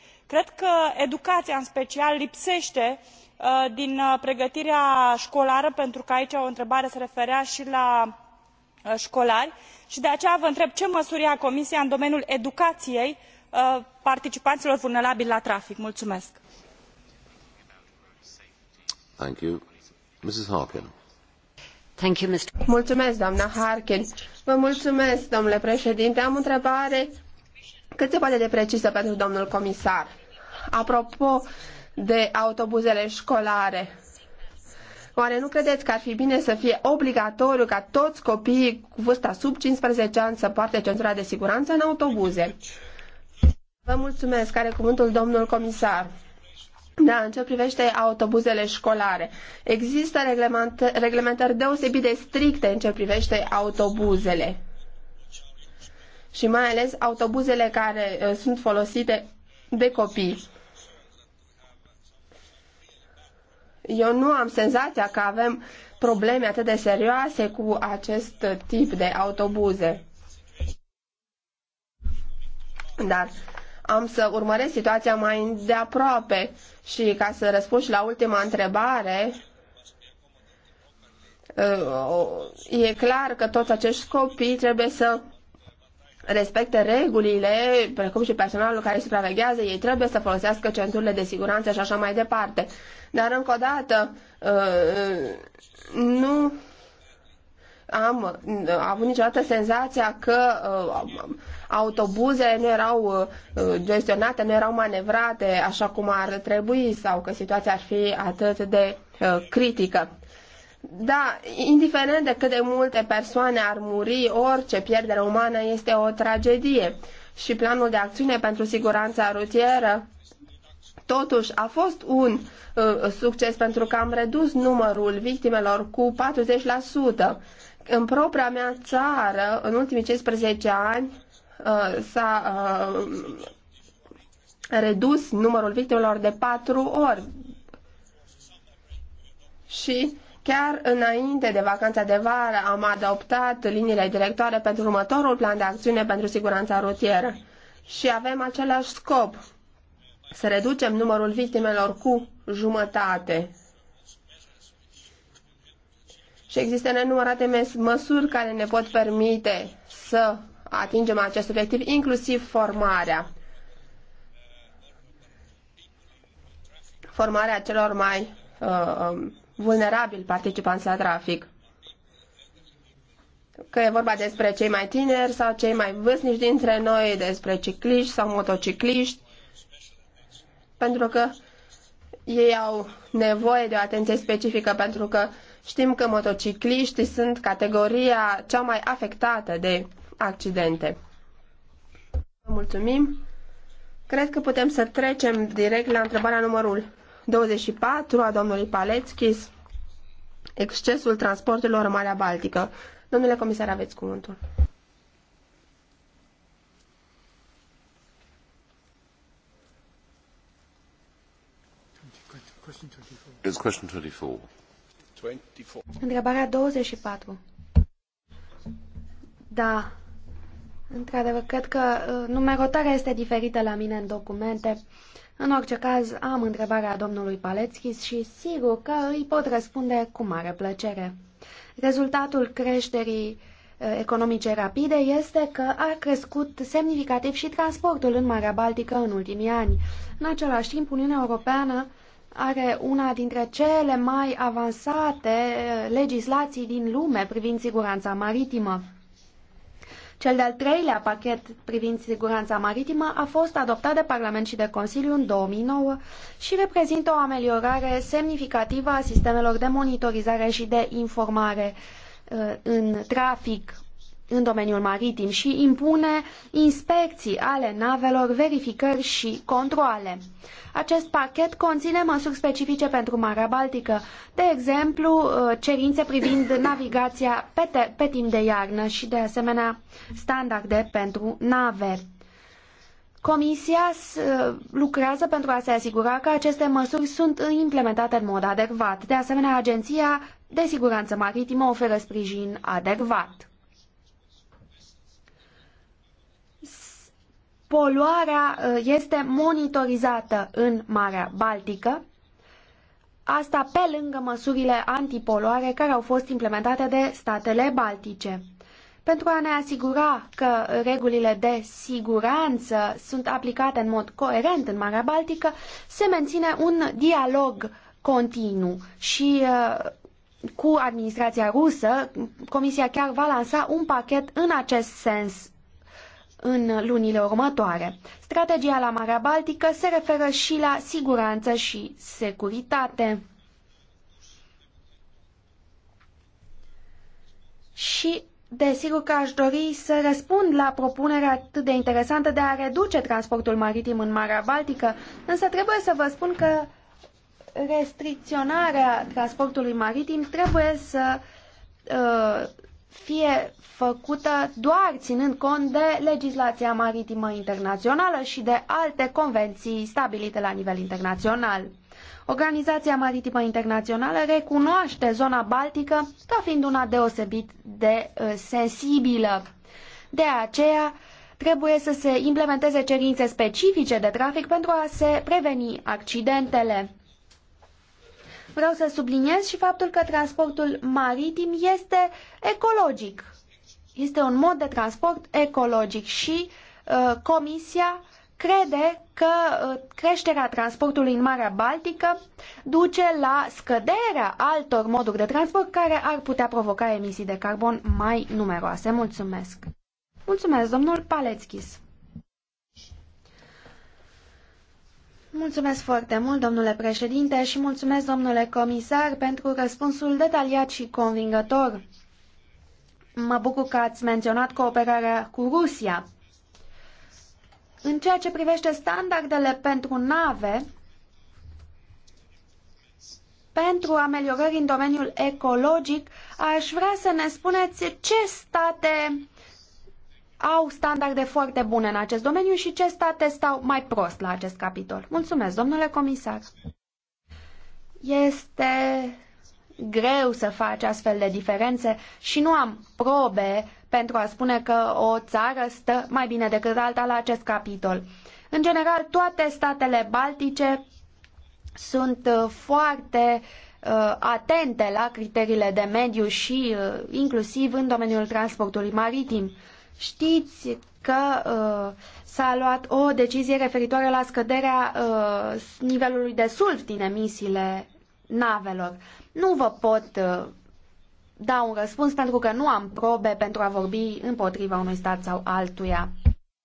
cred că educaia în special lipsete uh, din uh, pregătirea colară pentru că aici o întrebare se referea i la uh, colari i de aceea vă întreb ce măsuri ia comisia în domeniul educaiei participanilor vulnerabili la trafic. am o întrebare cât se poate de precisă pentru domnul comisar. Apropo de autobuzele școlare, oare nu credeți că ar fi bine să fie obligatoriu ca toți copiii cu vârsta sub 15 ani să poarte centura de siguranță în autobuze? Vă mulțumesc. care cuvântul domnul comisar. Da, în ce privește autobuzele școlare. Există reglementări deosebit de stricte în ce privește autobuzele și mai ales autobuzele care uh, sunt folosite de copii. Eu nu am senzația că avem probleme atât de serioase cu acest tip de autobuze. Dar am să urmăresc situația mai de aproape și ca să răspund și la ultima întrebare, uh, e clar că toți acești copii trebuie să respecte regulile, precum și personalul care supraveghează, ei trebuie să folosească centurile de siguranță și așa mai departe. Dar încă o dată, uh, uh, nu uh, am avut niciodată senzația că autobuzele nu erau gestionate, nu erau manevrate așa cum ar trebui sau că situația ar fi atât de critică. Da, indiferent de cât de multe persoane ar muri, orice pierdere umană este o tragedie. Și planul de acțiune pentru siguranța rutieră Totuși, a fost un uh, succes pentru că am redus numărul victimelor cu 40%. În propria mea țară, în ultimii 15 ani, uh, s-a uh, redus numărul victimelor de patru ori. Și uh, Chiar înainte de vacanța de vară am adoptat liniile directoare pentru următorul plan de acțiune pentru siguranța rutieră și avem același scop, să reducem numărul victimelor cu jumătate. Și există nenumărate măsuri care ne pot permite să atingem acest obiectiv, inclusiv formarea. Formarea celor mai uh, um, vulnerabili participanți la trafic. Că e vorba despre cei mai tineri sau cei mai vârstnici dintre noi, despre cicliști sau motocicliști, pentru că ei au nevoie de o atenție specifică, pentru că știm că motocicliștii sunt categoria cea mai afectată de accidente. Mulțumim! Cred că putem să trecem direct la întrebarea numărul 24 a domnului Paleckis, excesul transporturilor în Marea Baltică. Domnule comisar, aveți cuvântul. It's question 24. 24. Întrebarea 24. Da. Într-adevăr, cred că uh, numerotarea este diferită la mine în documente. În orice caz, am întrebarea domnului Palețchis și sigur că îi pot răspunde cu mare plăcere. Rezultatul creșterii economice rapide este că a crescut semnificativ și transportul în Marea Baltică în ultimii ani. În același timp, Uniunea Europeană are una dintre cele mai avansate legislații din lume privind siguranța maritimă. Cel de-al treilea pachet privind siguranța maritimă a fost adoptat de Parlament și de Consiliu în 2009 și reprezintă o ameliorare semnificativă a sistemelor de monitorizare și de informare uh, în trafic în domeniul maritim și impune inspecții ale navelor, verificări și controale. Acest pachet conține măsuri specifice pentru Marea Baltică, de exemplu uh, cerințe privind navigația pe, te- pe timp de iarnă și de asemenea standarde pentru nave. Comisia uh, lucrează pentru a se asigura că aceste măsuri sunt implementate în mod adecvat. De asemenea, Agenția de Siguranță Maritimă oferă sprijin adecvat. poluarea uh, este monitorizată în Marea Baltică, asta pe lângă măsurile antipoluare care au fost implementate de statele baltice. Pentru a ne asigura că regulile de siguranță sunt aplicate în mod coerent în Marea Baltică, se menține un dialog continuu și uh, cu administrația rusă, Comisia chiar va lansa un pachet în acest sens în lunile următoare. Strategia la Marea Baltică se referă și la siguranță și securitate. Și Desigur că aș dori să răspund la propunerea atât de interesantă de a reduce transportul maritim în Marea Baltică, însă trebuie să vă spun că restricționarea transportului maritim trebuie să uh, fie făcută doar ținând cont de legislația maritimă internațională și de alte convenții stabilite la nivel internațional. Organizația Maritimă Internațională recunoaște zona baltică ca fiind una deosebit de uh, sensibilă. De aceea, trebuie să se implementeze cerințe specifice de trafic pentru a se preveni accidentele. Vreau să subliniez și faptul că transportul maritim este ecologic. Este un mod de transport ecologic și uh, Comisia crede că uh, creșterea transportului în Marea Baltică duce la scăderea altor moduri de transport care ar putea provoca emisii de carbon mai numeroase. Mulțumesc! Mulțumesc, domnul Palețchis! Mulțumesc foarte mult, domnule președinte, și mulțumesc, domnule comisar, pentru răspunsul detaliat și convingător. Mă bucur că ați menționat cooperarea cu Rusia. În ceea ce privește standardele pentru nave, pentru ameliorări în domeniul ecologic, aș vrea să ne spuneți ce state au standarde foarte bune în acest domeniu și ce state stau mai prost la acest capitol. Mulțumesc, domnule comisar. Este greu să faci astfel de diferențe și nu am probe pentru a spune că o țară stă mai bine decât alta la acest capitol. În general, toate statele baltice sunt uh, foarte uh, atente la criteriile de mediu și uh, inclusiv în domeniul transportului maritim. Uh, Știți că uh, s-a luat o decizie referitoare la scăderea uh, nivelului de sulf din emisiile navelor. Nu vă pot uh, da un răspuns pentru că nu am probe pentru a vorbi împotriva unui stat sau altuia.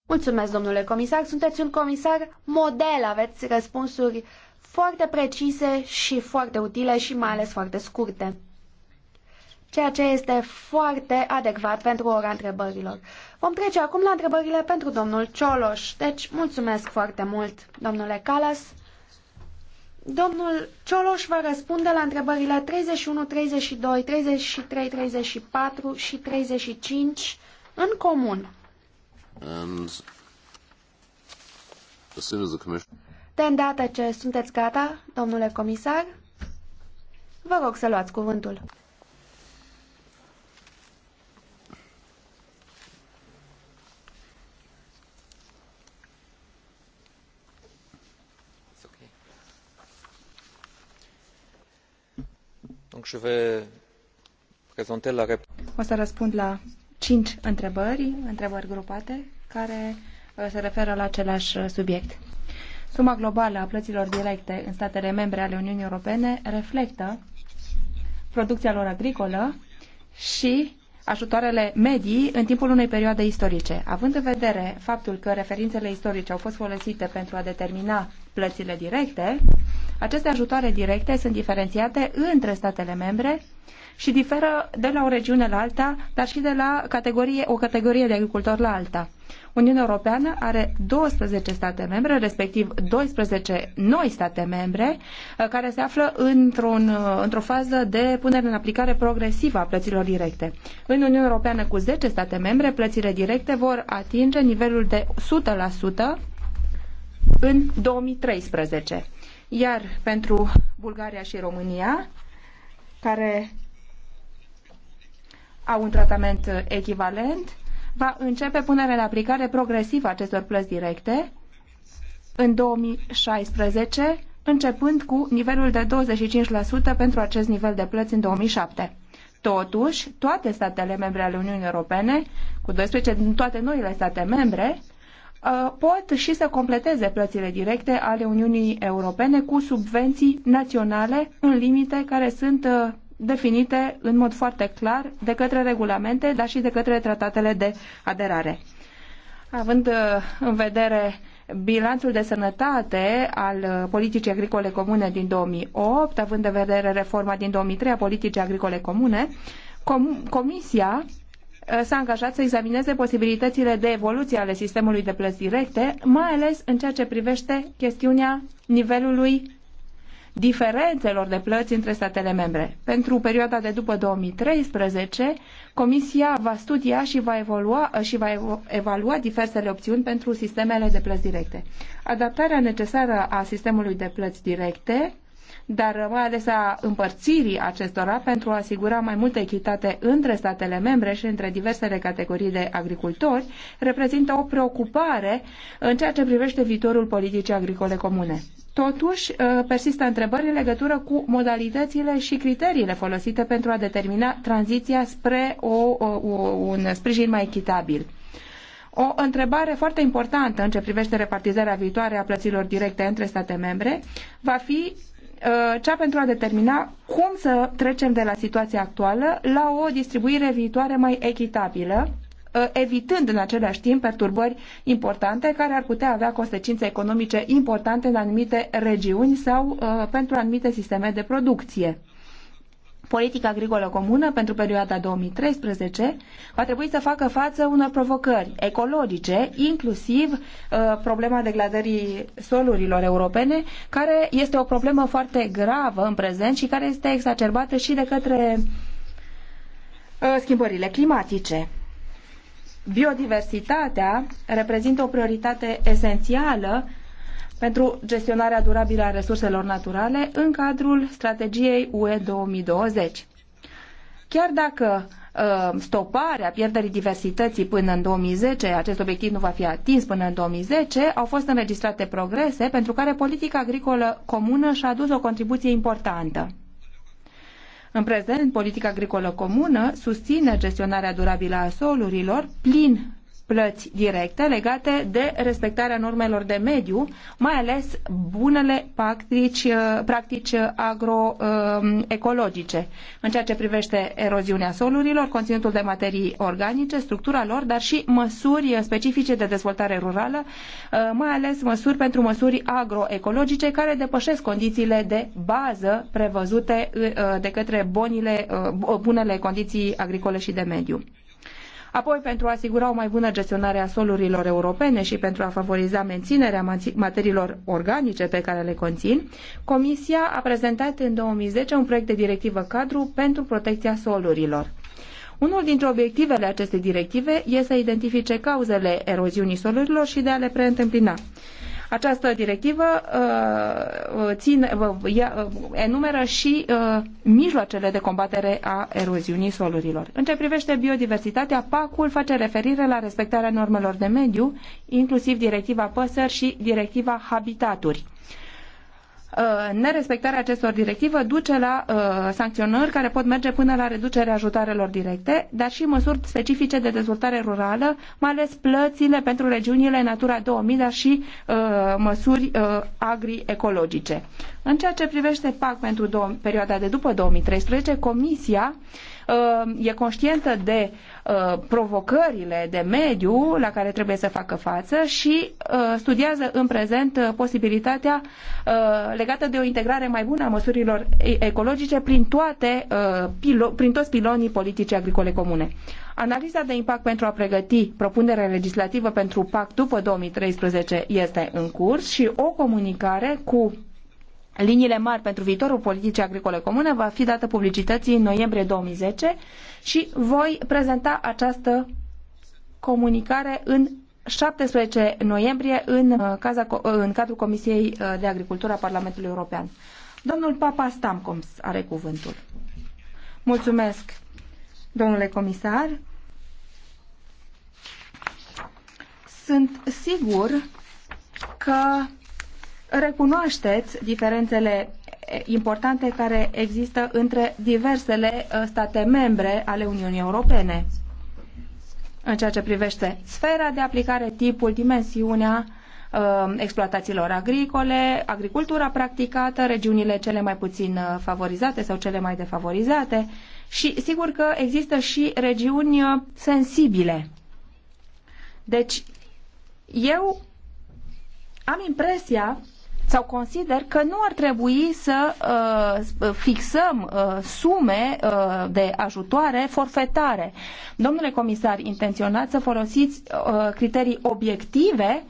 Mulțumesc, domnule comisar. Sunteți un comisar model. Aveți răspunsuri foarte precise și foarte utile și mai ales foarte scurte ceea ce este foarte adecvat pentru ora întrebărilor. Vom trece acum la întrebările pentru domnul Cioloș. Deci, mulțumesc foarte mult, domnule Calas. Domnul Cioloș va răspunde la întrebările 31, 32, 33, 34 și 35 în comun. And as soon as the commission... De îndată ce sunteți gata, domnule comisar, vă rog să luați cuvântul. O să răspund la cinci întrebări, întrebări grupate, care uh, se referă la același uh, subiect. Suma globală a plăților directe în statele membre ale Uniunii Europene reflectă producția lor agricolă și ajutoarele medii în timpul unei perioade istorice. Având în vedere faptul că referințele istorice au fost folosite pentru a determina plățile directe, aceste ajutoare directe sunt diferențiate între statele membre și diferă de la o regiune la alta, dar și de la categorie, o categorie de agricultor la alta. Uniunea Europeană are 12 state membre, respectiv 12 noi state membre, uh, care se află într-un, uh, într-o fază de punere în aplicare progresivă a plăților directe. În Uniunea Europeană cu 10 state membre, plățile directe vor atinge nivelul de 100% în 2013. Iar pentru Bulgaria și România, care au un tratament echivalent, va începe punerea în aplicare progresivă acestor plăți directe în 2016, începând cu nivelul de 25% pentru acest nivel de plăți în 2007. Totuși, toate statele membre ale Uniunii Europene, cu 12 din toate noile state membre, Uh, pot și să completeze plățile directe ale Uniunii Europene cu subvenții naționale în limite care sunt uh, definite în mod foarte clar de către regulamente, dar și de către tratatele de aderare. Având uh, în vedere bilanțul de sănătate al politicii agricole comune din 2008, având în vedere reforma din 2003 a politicii agricole comune, Comisia Uh, s-a angajat să examineze posibilitățile de evoluție ale sistemului de plăți directe, mai ales în ceea ce privește chestiunea nivelului diferențelor de plăți între statele membre. Pentru perioada de după 2013, Comisia va studia și va, evolua, uh, și va evalua diversele opțiuni pentru sistemele de plăți directe. Adaptarea necesară a sistemului de plăți directe dar mai ales a împărțirii acestora pentru a asigura mai multă echitate între statele membre și între diversele categorii de agricultori, reprezintă o preocupare în ceea ce privește viitorul politicii agricole comune. Totuși, ă, persistă întrebări în legătură cu modalitățile și criteriile folosite pentru a determina tranziția spre o, o, un sprijin mai echitabil. O întrebare foarte importantă în ce privește repartizarea viitoare a plăților directe între state membre va fi Uh, cea pentru a determina cum să trecem de la situația actuală la o distribuire viitoare mai echitabilă, uh, evitând în același timp perturbări importante care ar putea avea consecințe economice importante în anumite regiuni sau uh, pentru anumite sisteme de producție politica agricolă comună pentru perioada 2013 va trebui să facă față unor provocări ecologice, inclusiv uh, problema degradării solurilor europene, care este o problemă foarte gravă în prezent și care este exacerbată și de către uh, schimbările climatice. Biodiversitatea reprezintă o prioritate esențială pentru gestionarea durabilă a resurselor naturale în cadrul strategiei UE 2020. Chiar dacă uh, stoparea pierderii diversității până în 2010, acest obiectiv nu va fi atins până în 2010, au fost înregistrate progrese pentru care politica agricolă comună și-a adus o contribuție importantă. În prezent, politica agricolă comună susține gestionarea durabilă a solurilor, plin plăți directe legate de respectarea normelor de mediu, mai ales bunele practici, uh, practici agroecologice, în ceea ce privește eroziunea solurilor, conținutul de materii organice, structura lor, dar și măsuri specifice de dezvoltare rurală, uh, mai ales măsuri pentru măsuri agroecologice care depășesc condițiile de bază prevăzute uh, de către bunile, bunele condiții agricole și de mediu. Apoi, pentru a asigura o mai bună gestionare a solurilor europene și pentru a favoriza menținerea materiilor organice pe care le conțin, Comisia a prezentat în 2010 un proiect de directivă cadru pentru protecția solurilor. Unul dintre obiectivele acestei directive este să identifice cauzele eroziunii solurilor și de a le preîntâmpina. Această directivă uh, uh, ține, uh, enumeră și mijloacele de combatere a eroziunii solurilor. În ce privește biodiversitatea, PAC-ul face referire la respectarea normelor de mediu, inclusiv directiva păsări și directiva habitaturi. Uh, nerespectarea acestor directive duce la uh, sancționări care pot merge până la reducerea ajutoarelor directe, dar și măsuri specifice de dezvoltare rurală, mai ales plățile pentru regiunile Natura 2000, dar și uh, măsuri agri-ecologice. În ceea ce privește PAC pentru perioada de după 2013, Comisia Uh, e conștientă de uh, provocările de mediu la care trebuie să facă față și uh, studiază în prezent posibilitatea legată de o integrare mai bună a măsurilor ecologice prin, toate, prin toți pilonii politicii agricole comune. Analiza de impact pentru a pregăti propunerea legislativă pentru PAC după 2013 este în curs și o comunicare cu Liniile mari pentru viitorul politicii agricole comune va fi dată publicității în noiembrie 2010 și voi prezenta această comunicare în 17 noiembrie în, uh, caza, uh, în cadrul Comisiei uh, de Agricultură a Parlamentului European. Domnul Papa Stamcoms are cuvântul. Mulțumesc, domnule comisar. Sunt sigur că recunoașteți diferențele eh, importante care există între diversele eh, state membre ale Uniunii Europene în ceea ce privește sfera de aplicare, tipul, dimensiunea eh, exploatațiilor agricole, agricultura practicată, regiunile cele mai puțin favorizate sau cele mai defavorizate și sigur că există și regiuni sensibile. Deci, eu am impresia sau consider că nu ar trebui să uh, fixăm uh, sume uh, de ajutoare forfetare. Domnule comisar, intenționați să folosiți uh, criterii obiective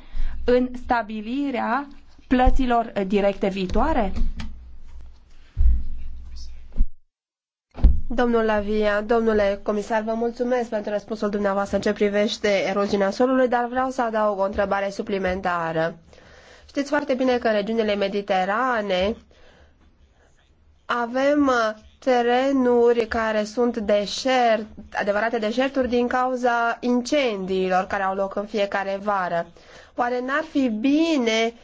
în stabilirea plăților directe viitoare? Domnul Lavia, domnule comisar, vă mulțumesc pentru răspunsul dumneavoastră în ce privește eroziunea solului, dar vreau să adaug o întrebare suplimentară. Știți foarte bine că în regiunile mediterane avem uh, terenuri care sunt deșert, adevărate deșerturi din cauza incendiilor care au loc în fiecare vară. Oare n-ar fi bine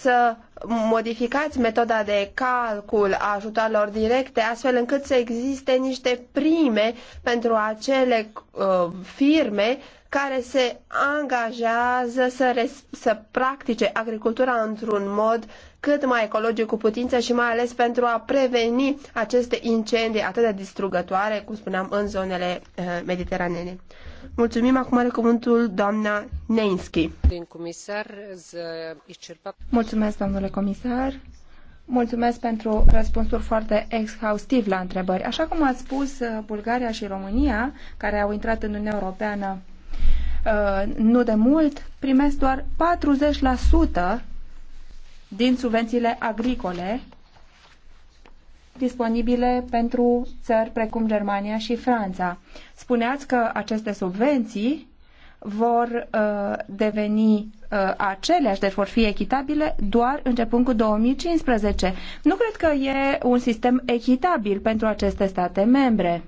să modificați metoda de calcul a ajutoarelor directe astfel încât să existe niște prime pentru acele uh, firme care se angajează să, să practice agricultura într-un mod cât mai ecologic cu putință și mai ales pentru a preveni aceste incendii atât de distrugătoare, cum spuneam, în zonele uh, mediteranene. Mulțumim, acum are cuvântul doamna Neinski. Mulțumesc, domnule comisar. Mulțumesc pentru răspunsuri foarte exhaustiv la întrebări. Așa cum ați spus, eh, Bulgaria și România, care au intrat în Uniunea Europeană eh, nu de mult, primesc doar 40% din subvențiile agricole disponibile pentru țări precum Germania și Franța. Spuneați că aceste subvenții vor uh, deveni uh, aceleași, deci vor fi echitabile doar începând cu 2015. Nu cred că e un sistem echitabil pentru aceste state membre.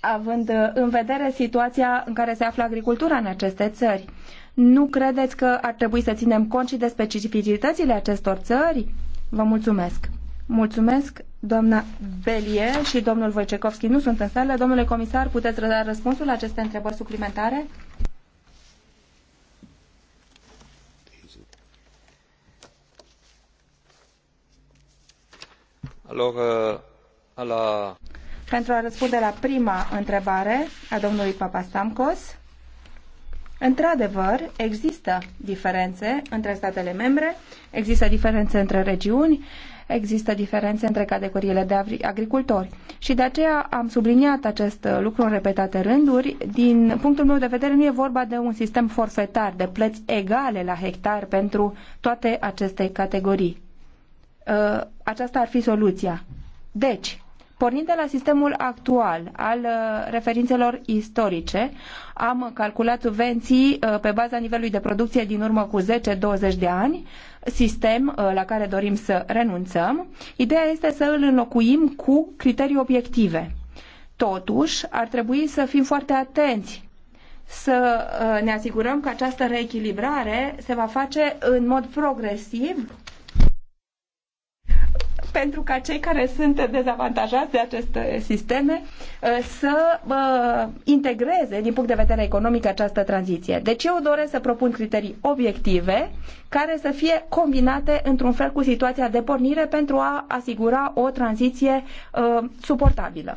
Având în vedere situația în care se află agricultura în aceste țări. Uh, nu credeți că ar trebui să ținem cont și de specificitățile acestor țări? Vă mulțumesc! Mulțumesc, doamna Belie și domnul Wojciechowski nu sunt în sală. Domnule comisar, puteți răda răspunsul la aceste întrebări suplimentare? Alors, euh, la... Pentru a răspunde la prima întrebare a domnului Papastamcos, Într-adevăr, există diferențe între statele membre, există diferențe între regiuni, există diferențe între categoriile de agricultori. Și de aceea am subliniat acest lucru în repetate rânduri. Din punctul meu de vedere, nu e vorba de un sistem forfetar, de plăți egale la hectar pentru toate aceste categorii. Uh, aceasta ar fi soluția. Deci, Pornind de la sistemul actual al uh, referințelor istorice, am calculat subvenții uh, pe baza nivelului de producție din urmă cu 10-20 de ani, sistem uh, la care dorim să renunțăm. Ideea este să îl înlocuim cu criterii obiective. Totuși, ar trebui să fim foarte atenți să ne asigurăm că această reechilibrare se va face în mod progresiv pentru ca cei care sunt dezavantajați de aceste sisteme uh, să uh, integreze din punct de vedere economic această tranziție. Deci eu doresc să propun criterii obiective care să fie combinate într-un fel cu situația de pornire pentru a asigura o tranziție uh, suportabilă.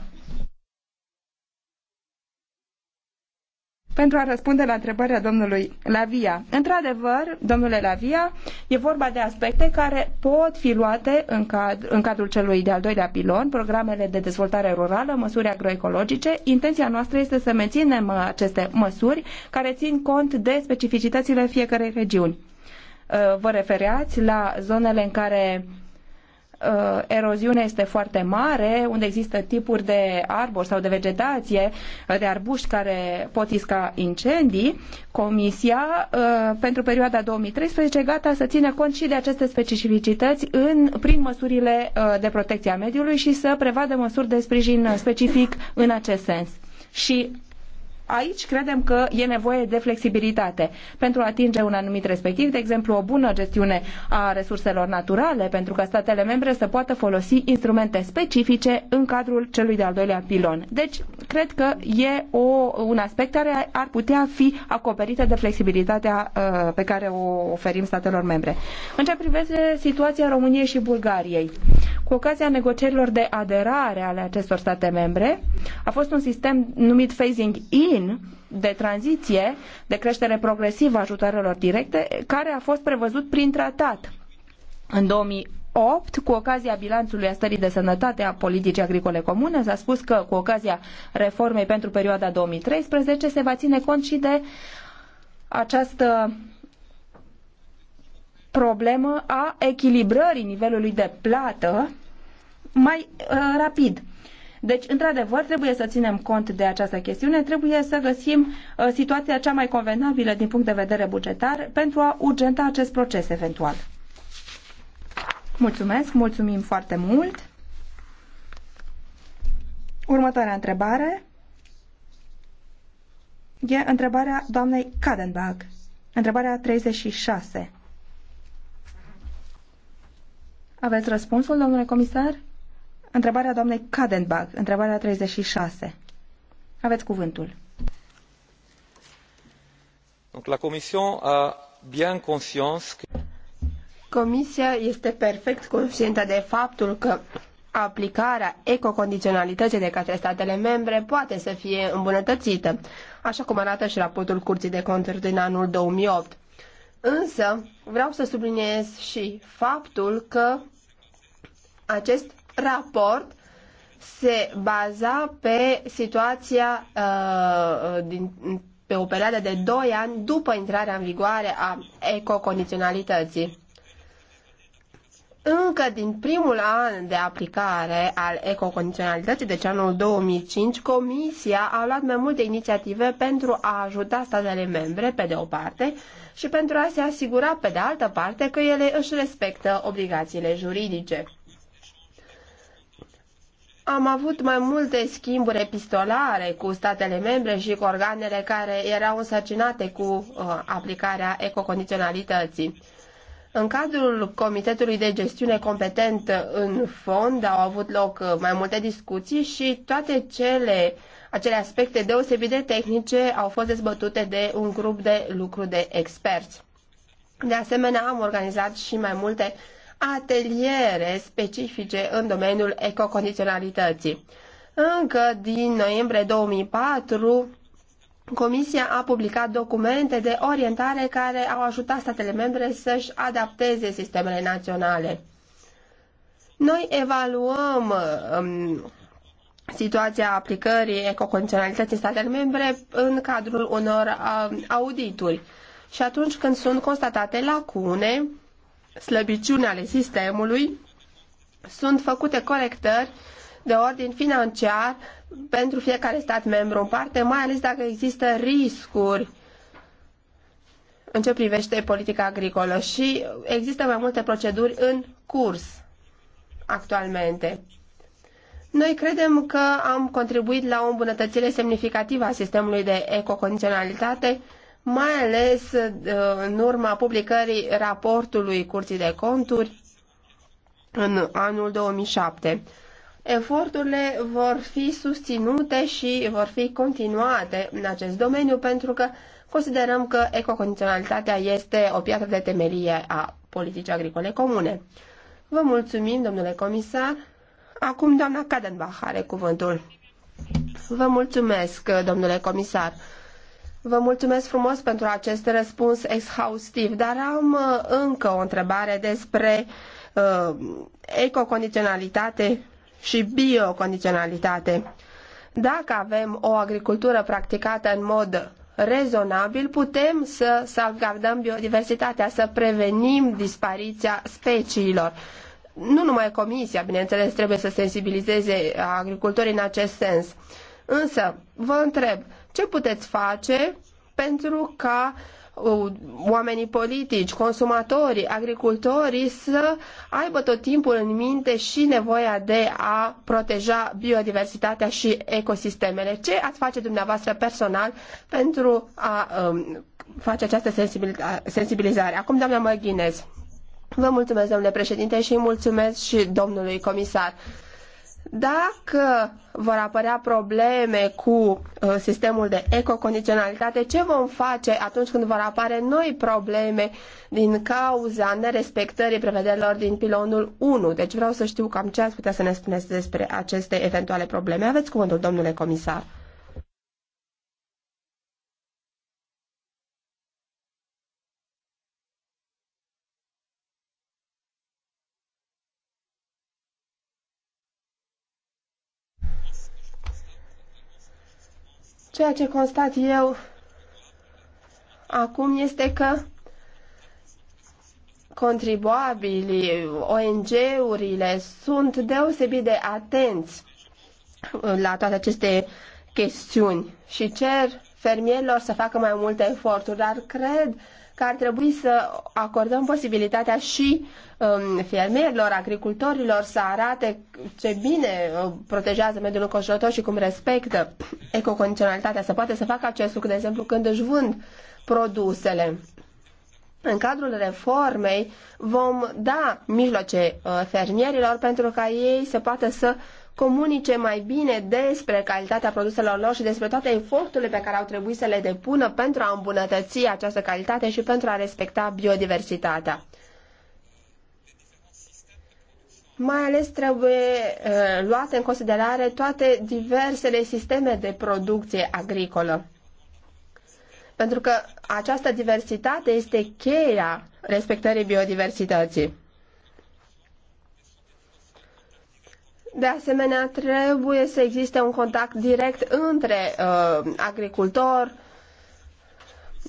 pentru a răspunde la întrebarea domnului Lavia. Într-adevăr, domnule Lavia, e vorba de aspecte care pot fi luate în, cad- în cadrul celui de-al doilea pilon, programele de dezvoltare rurală, măsuri agroecologice. Intenția noastră este să menținem aceste măsuri care țin cont de specificitățile fiecărei regiuni. Vă refereați la zonele în care uh, eroziunea este foarte mare, unde există tipuri de arbori sau de vegetație, uh, de arbuști care pot isca incendii, Comisia uh, pentru perioada 2013 gata să țină cont și de aceste specificități în, prin măsurile uh, de protecție a mediului și să prevadă măsuri de sprijin specific în acest sens. Și aici credem că e nevoie de flexibilitate pentru a atinge un anumit respectiv, de exemplu o bună gestiune a resurselor naturale, pentru ca statele membre să poată folosi instrumente specifice în cadrul celui de-al doilea pilon. Deci, cred că e o, un aspect care ar putea fi acoperită de flexibilitatea uh, pe care o oferim statelor membre. În ce privește situația României și Bulgariei, cu ocazia negocierilor de aderare ale acestor state membre, a fost un sistem numit phasing in plin de tranziție, de creștere progresivă a ajutoarelor directe, care a fost prevăzut prin tratat. În 2008. cu ocazia bilanțului a stării de sănătate a politicii agricole comune, s-a spus că cu ocazia reformei pentru perioada 2013 se va ține cont și de această problemă a echilibrării nivelului de plată mai uh, rapid. Deci, într-adevăr, trebuie să ținem cont de această chestiune, trebuie să găsim uh, situația cea mai convenabilă din punct de vedere bugetar pentru a urgenta acest proces eventual. Mulțumesc, mulțumim foarte mult. Următoarea întrebare e întrebarea doamnei Kadenbach. Întrebarea 36. Aveți răspunsul, domnule comisar? Întrebarea doamnei Cadenbach, întrebarea 36. Aveți cuvântul. Donc la a bien conscience că... Comisia este perfect conștientă de faptul că aplicarea ecocondiționalității de către statele membre poate să fie îmbunătățită, așa cum arată și raportul Curții de Conturi din anul 2008. Însă, vreau să subliniez și faptul că acest raport se baza pe situația uh, din, pe o perioadă de 2 ani după intrarea în vigoare a ecocondiționalității. Încă din primul an de aplicare al ecocondiționalității, deci anul 2005, Comisia a luat mai multe inițiative pentru a ajuta statele membre, pe de o parte, și pentru a se asigura, pe de altă parte, că ele își respectă obligațiile juridice. Am avut mai multe schimburi epistolare cu statele membre și cu organele care erau însărcinate cu uh, aplicarea ecocondiționalității. În cadrul Comitetului de Gestiune Competent în fond au avut loc uh, mai multe discuții și toate cele, acele aspecte deosebit de tehnice au fost dezbătute de un grup de lucru de experți. De asemenea, am organizat și mai multe uh, ateliere specifice în domeniul ecocondiționalității. Încă din noiembrie 2004, Comisia a publicat documente de orientare care au ajutat statele membre să-și adapteze sistemele naționale. Noi evaluăm um, situația aplicării ecocondiționalității statele membre în cadrul unor um, audituri. Și atunci când sunt constatate lacune, slăbiciuni ale sistemului, sunt făcute corectări de ordin financiar pentru fiecare stat membru în parte, mai ales dacă există riscuri în ce privește politica agricolă și există mai multe proceduri în curs actualmente. Noi credem că am contribuit la o îmbunătățire semnificativă a sistemului de ecocondiționalitate mai ales uh, în urma publicării raportului Curții de Conturi în anul 2007. Eforturile vor fi susținute și vor fi continuate în acest domeniu pentru că considerăm că ecocondiționalitatea este o piatră de temelie a politicii agricole comune. Vă mulțumim, domnule comisar. Acum doamna Kadenbach are cuvântul. Vă mulțumesc, domnule comisar. Vă mulțumesc frumos pentru acest răspuns exhaustiv, dar am uh, încă o întrebare despre uh, ecocondiționalitate și biocondiționalitate. Dacă avem o agricultură practicată în mod rezonabil, putem să salvgardăm biodiversitatea, să prevenim dispariția speciilor. Nu numai Comisia, bineînțeles, trebuie să sensibilizeze agricultorii în acest sens. Însă, vă întreb, ce puteți face pentru ca uh, oamenii politici, consumatorii, agricultorii să aibă tot timpul în minte și nevoia de a proteja biodiversitatea și ecosistemele. Ce ați face dumneavoastră personal pentru a um, face această sensibilizare? Acum, doamna Măghinez, vă mulțumesc, domnule președinte, și mulțumesc și domnului comisar. Dacă vor apărea probleme cu uh, sistemul de ecocondiționalitate, ce vom face atunci când vor apare noi probleme din cauza nerespectării prevederilor din pilonul 1? Deci vreau să știu cam ce ați putea să ne spuneți despre aceste eventuale probleme. Aveți cuvântul, domnule comisar. Ceea ce constat eu acum este că contribuabilii, ONG-urile sunt deosebit de atenți la toate aceste chestiuni și cer fermierilor să facă mai multe eforturi, dar cred că ar trebui să acordăm posibilitatea și um, fermierilor, agricultorilor să arate ce bine uh, protejează mediul înconjurător și cum respectă ecocondiționalitatea, să poate să facă acest lucru, de exemplu, când își vând produsele. În cadrul reformei vom da mijloace uh, fermierilor pentru ca ei să poată să comunice mai bine despre calitatea produselor lor și despre toate eforturile pe care au trebuit să le depună pentru a îmbunătăți această calitate și pentru a respecta biodiversitatea. Mai ales trebuie uh, luate în considerare toate diversele sisteme de producție agricolă. Pentru că această diversitate este cheia respectării biodiversității. De asemenea, trebuie să existe un contact direct între uh, agricultor,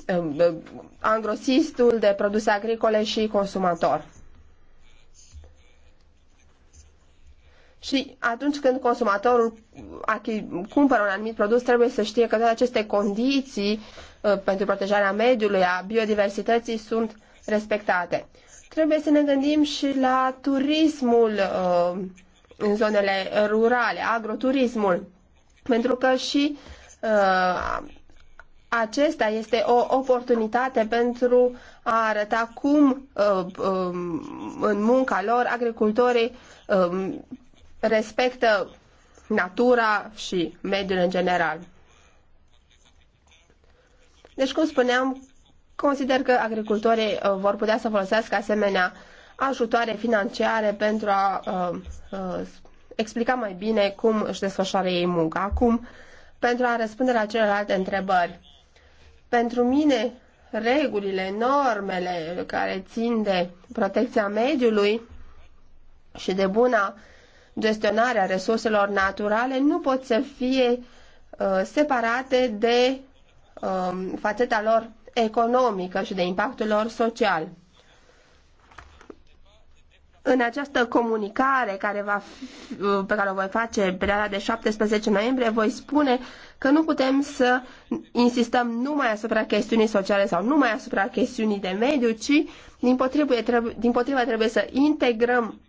uh, uh angrosistul de produse agricole și consumator. Și atunci când consumatorul cumpără un anumit produs, trebuie să știe că toate aceste condiții uh, pentru protejarea mediului, a biodiversității sunt respectate. Trebuie să ne gândim și la turismul uh, în zonele rurale, agroturismul, pentru că și uh, acesta este o oportunitate pentru a arăta cum um, în munca lor agricultorii um, respectă natura și mediul în general. Deci, cum spuneam, consider că agricultorii uh, vor putea să folosească asemenea ajutoare financiare pentru a uh, uh, explica mai bine cum își desfășoară ei munca. Acum, pentru a răspunde la celelalte întrebări. Pentru mine, regulile, normele care țin de protecția mediului și de buna gestionarea resurselor naturale nu pot să fie uh, separate de uh, fațeta lor economică și de impactul lor social. În această comunicare care va fi, uh, pe care o voi face pe perioada de 17 noiembrie, voi spune că nu putem să insistăm numai asupra chestiunii sociale sau numai asupra chestiunii de mediu, ci din potrivă trebuie, trebuie să integrăm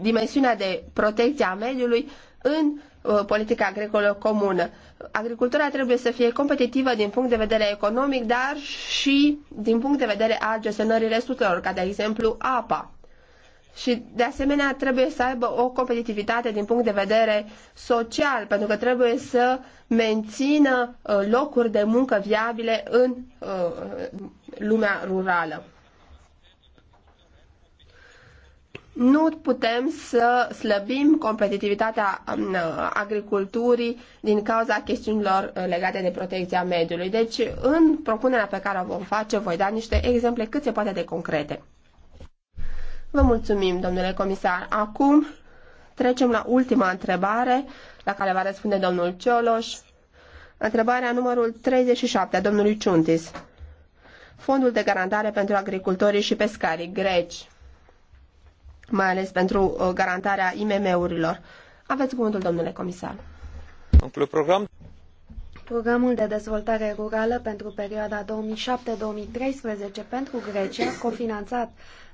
dimensiunea de protecție a mediului în uh, politica agricolă comună. Agricultura trebuie să fie competitivă din punct de vedere economic, dar și din punct de vedere al gestionării resurselor, ca de exemplu apa. Și de asemenea trebuie să aibă o competitivitate din punct de vedere social, pentru că trebuie să mențină uh, locuri de muncă viabile în uh, lumea rurală. nu putem să slăbim competitivitatea um, uh, agriculturii din cauza chestiunilor uh, legate de protecția mediului. Deci, în propunerea pe care o vom face, voi da niște exemple cât se poate de concrete. Vă mulțumim, domnule comisar. Acum trecem la ultima întrebare, la care va răspunde domnul Cioloș. Întrebarea numărul 37 a domnului Ciuntis. Fondul de garantare pentru agricultorii și pescarii greci mai ales pentru uh, garantarea IMM-urilor. Aveți cuvântul, domnule comisar. program. Programul de dezvoltare rurală pentru perioada 2007-2013 pentru Grecia, cofinanțat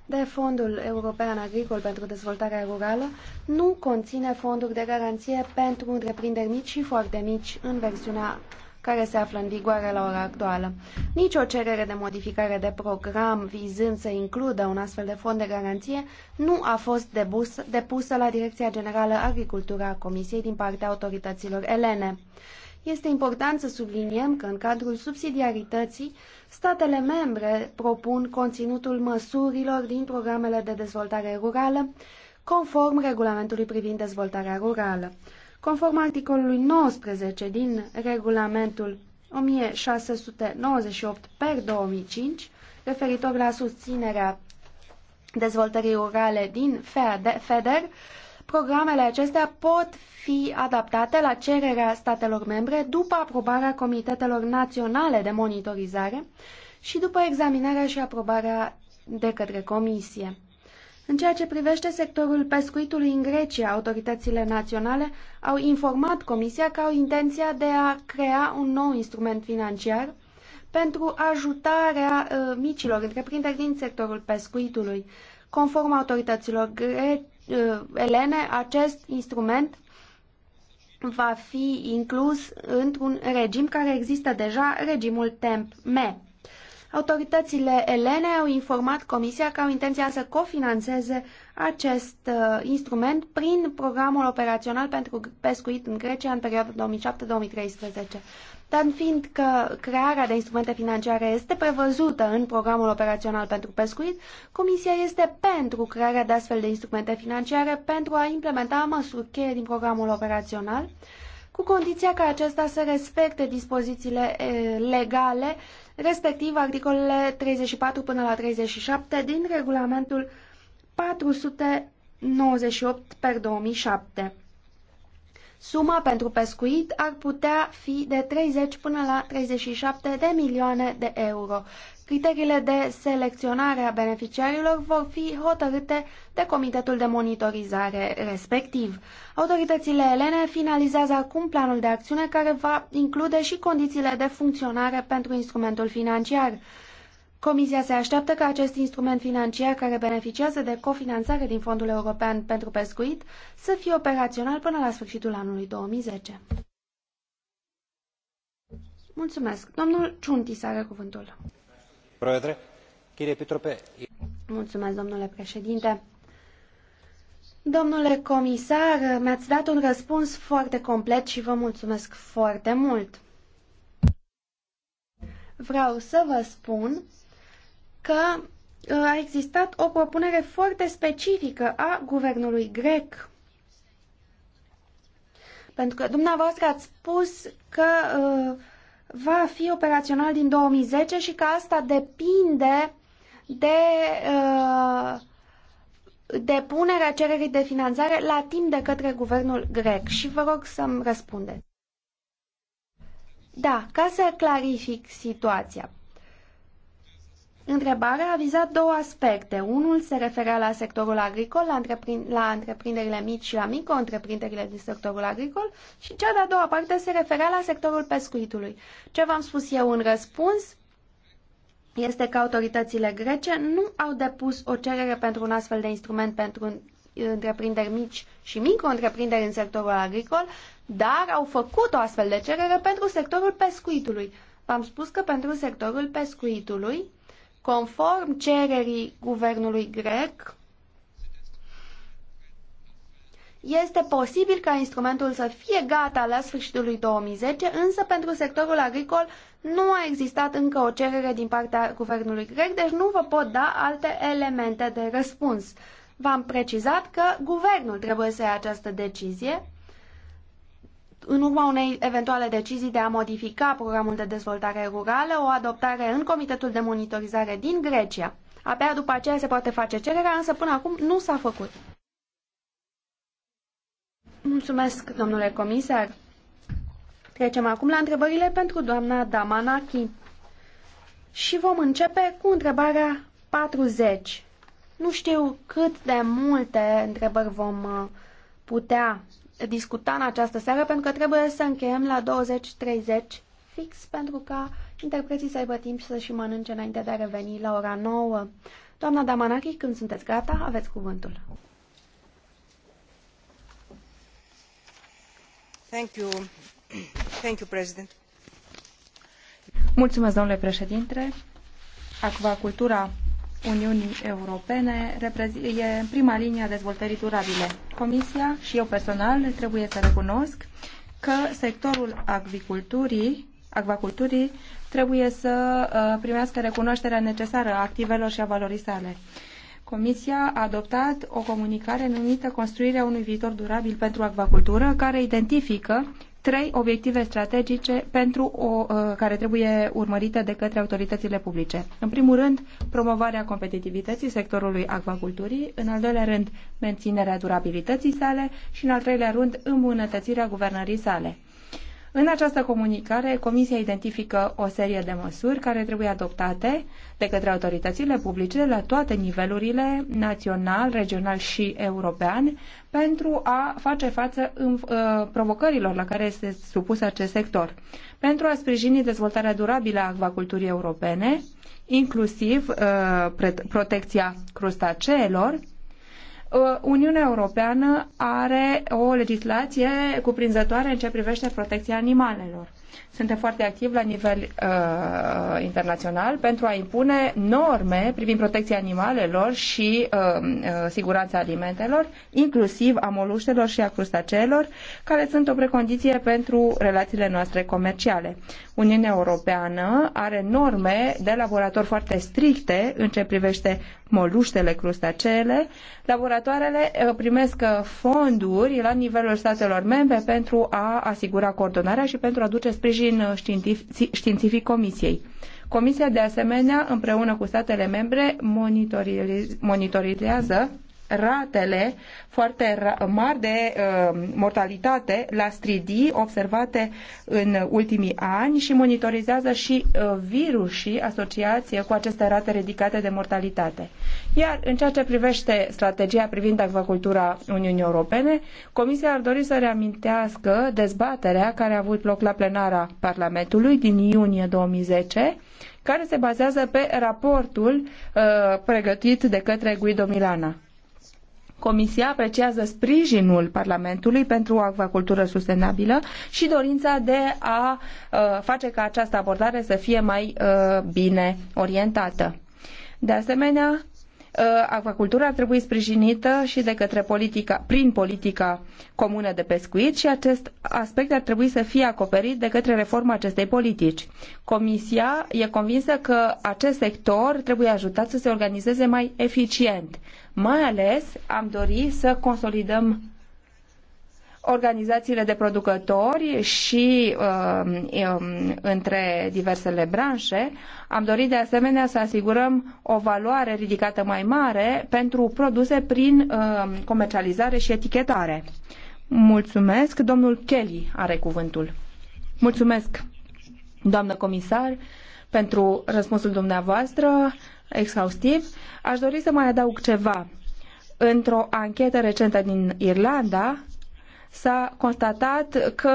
de Fondul European Agricol pentru Dezvoltarea Rurală, nu conține fonduri de garanție pentru întreprinderi mici și foarte mici în versiunea care se află în vigoare la ora actuală. Nici o cerere de modificare de program vizând să includă un astfel de fond de garanție nu a fost debus, depusă la Direcția Generală Agricultura a Comisiei din partea autorităților elene. Este important să subliniem că în cadrul subsidiarității, statele membre propun conținutul măsurilor din programele de dezvoltare rurală, conform regulamentului privind dezvoltarea rurală. Conform articolului 19 din regulamentul 1698 per 2005, referitor la susținerea dezvoltării rurale din FEDER, programele acestea pot fi adaptate la cererea statelor membre după aprobarea comitetelor naționale de monitorizare și după examinarea și aprobarea de către comisie. În ceea ce privește sectorul pescuitului în Grecia, autoritățile naționale au informat Comisia că au intenția de a crea un nou instrument financiar pentru ajutarea uh, micilor întreprinderi din sectorul pescuitului. Conform autorităților gre- uh, elene, acest instrument va fi inclus într-un regim care există deja, regimul TEMP-ME. Autoritățile elene au informat Comisia că au intenția să cofinanțeze acest uh, instrument prin programul operațional pentru pescuit în Grecia în perioada 2007-2013. Dar fiind că crearea de instrumente financiare este prevăzută în programul operațional pentru pescuit, Comisia este pentru crearea de astfel de instrumente financiare pentru a implementa măsuri cheie din programul operațional, uh, cu condiția ca acesta să respecte dispozițiile legale, respectiv articolele 34 până la 37 din regulamentul 498 per 2007. Suma pentru pescuit ar putea fi de 30 până la 37 de milioane de euro, Criteriile de selecționare a beneficiarilor vor fi hotărâte de comitetul de monitorizare respectiv. Autoritățile elene finalizează acum planul de acțiune care va include și condițiile de funcționare pentru instrumentul financiar. Comisia se așteaptă ca acest instrument financiar care beneficiază de cofinanțare din Fondul European pentru Pescuit să fie operațional până la sfârșitul anului 2010. Mulțumesc. Domnul Ciunti are cuvântul. Mulțumesc, domnule președinte. Domnule comisar, mi-ați dat un răspuns foarte complet și vă mulțumesc foarte mult. Vreau să vă spun că uh, a existat o propunere foarte specifică a guvernului grec. Pentru că dumneavoastră ați spus că uh, va fi operațional din 2010 și că asta depinde de uh, depunerea cererii de finanțare la timp de către guvernul grec și vă rog să-mi răspundeți. Da, ca să clarific situația. Întrebarea a vizat două aspecte. Unul se referea la sectorul agricol, la, întreprin- la întreprinderile mici și la mico-întreprinderile din sectorul agricol și cea de-a doua parte se referea la sectorul pescuitului. Ce v-am spus eu în răspuns este că autoritățile grece nu au depus o cerere pentru un astfel de instrument pentru întreprinderi mici și micro-întreprinderi în sectorul agricol, dar au făcut o astfel de cerere pentru sectorul pescuitului. V-am spus că pentru sectorul pescuitului Conform cererii guvernului grec, este posibil ca instrumentul să fie gata la sfârșitul lui 2010, însă pentru sectorul agricol nu a existat încă o cerere din partea guvernului grec, deci nu vă pot da alte elemente de răspuns. V-am precizat că guvernul trebuie să ia această decizie în urma unei eventuale decizii de a modifica programul de dezvoltare rurală, o adoptare în Comitetul de Monitorizare din Grecia. Abia după aceea se poate face cererea, însă până acum nu s-a făcut. Mulțumesc, domnule comisar. Trecem acum la întrebările pentru doamna Damanaki. Și vom începe cu întrebarea 40. Nu știu cât de multe întrebări vom uh, putea discuta în această seară, pentru că trebuie să încheiem la 20.30 fix, pentru ca interpreții să aibă timp să și mănânce înainte de a reveni la ora 9. Doamna Damanaki, când sunteți gata, aveți cuvântul. Thank you. Thank you, President. Mulțumesc, domnule președinte. Acvacultura Uniunii Europene e în prima linie a dezvoltării durabile. Comisia și eu personal trebuie să recunosc că sectorul agriculturii, acvaculturii trebuie să uh, primească recunoașterea necesară a activelor și a valorii sale. Comisia a adoptat o comunicare numită Construirea unui viitor durabil pentru acvacultură, care identifică trei obiective strategice pentru o, uh, care trebuie urmărite de către autoritățile publice. În primul rând, promovarea competitivității sectorului acvaculturii, în al doilea rând, menținerea durabilității sale și, în al treilea rând, îmbunătățirea guvernării sale. În această comunicare, Comisia identifică o serie de măsuri care trebuie adoptate de către autoritățile publice la toate nivelurile, național, regional și european, pentru a face față în, uh, ă, provocărilor la care este supus acest sector, pentru a sprijini dezvoltarea durabilă a acvaculturii europene, inclusiv uh, protecția crustaceelor, Uh, Uniunea Europeană are o legislație cuprinzătoare în ce privește protecția animalelor. Suntem foarte activi la nivel uh, internațional pentru a impune norme privind protecția animalelor și uh, uh, siguranța alimentelor, inclusiv a moluștelor și a crustaceelor, care sunt o precondiție pentru relațiile noastre comerciale. Uniunea Europeană are norme de laborator foarte stricte în ce privește moluștele, crustaceele. Laboratoarele uh, primesc uh, fonduri la nivelul statelor membre pentru a asigura coordonarea și pentru a duce sprijin uh, științific, științific Comisiei. Comisia, de asemenea, împreună cu statele membre, monitorizează ratele foarte mari de uh, mortalitate la stridii observate în ultimii ani și monitorizează și uh, virusii asociație cu aceste rate ridicate de mortalitate. Iar în ceea ce privește strategia privind acvacultura Uniunii Europene, Comisia ar dori să reamintească dezbaterea care a avut loc la plenara Parlamentului din iunie 2010 care se bazează pe raportul uh, pregătit de către Guido Milana. Comisia apreciază sprijinul Parlamentului pentru o acvacultură sustenabilă și dorința de a uh, face ca această abordare să fie mai uh, bine orientată. De asemenea, uh, acvacultura ar trebui sprijinită și de către politica, prin politica comună de pescuit și acest aspect ar trebui să fie acoperit de către reforma acestei politici. Comisia e convinsă că acest sector trebuie ajutat să se organizeze mai eficient, mai ales am dorit să consolidăm organizațiile de producători și uh, între diversele branșe. Am dorit de asemenea să asigurăm o valoare ridicată mai mare pentru produse prin uh, comercializare și etichetare. Mulțumesc. Domnul Kelly are cuvântul. Mulțumesc, doamnă comisar, pentru răspunsul dumneavoastră exhaustiv, aș dori să mai adaug ceva. Într-o anchetă recentă din Irlanda, s-a constatat că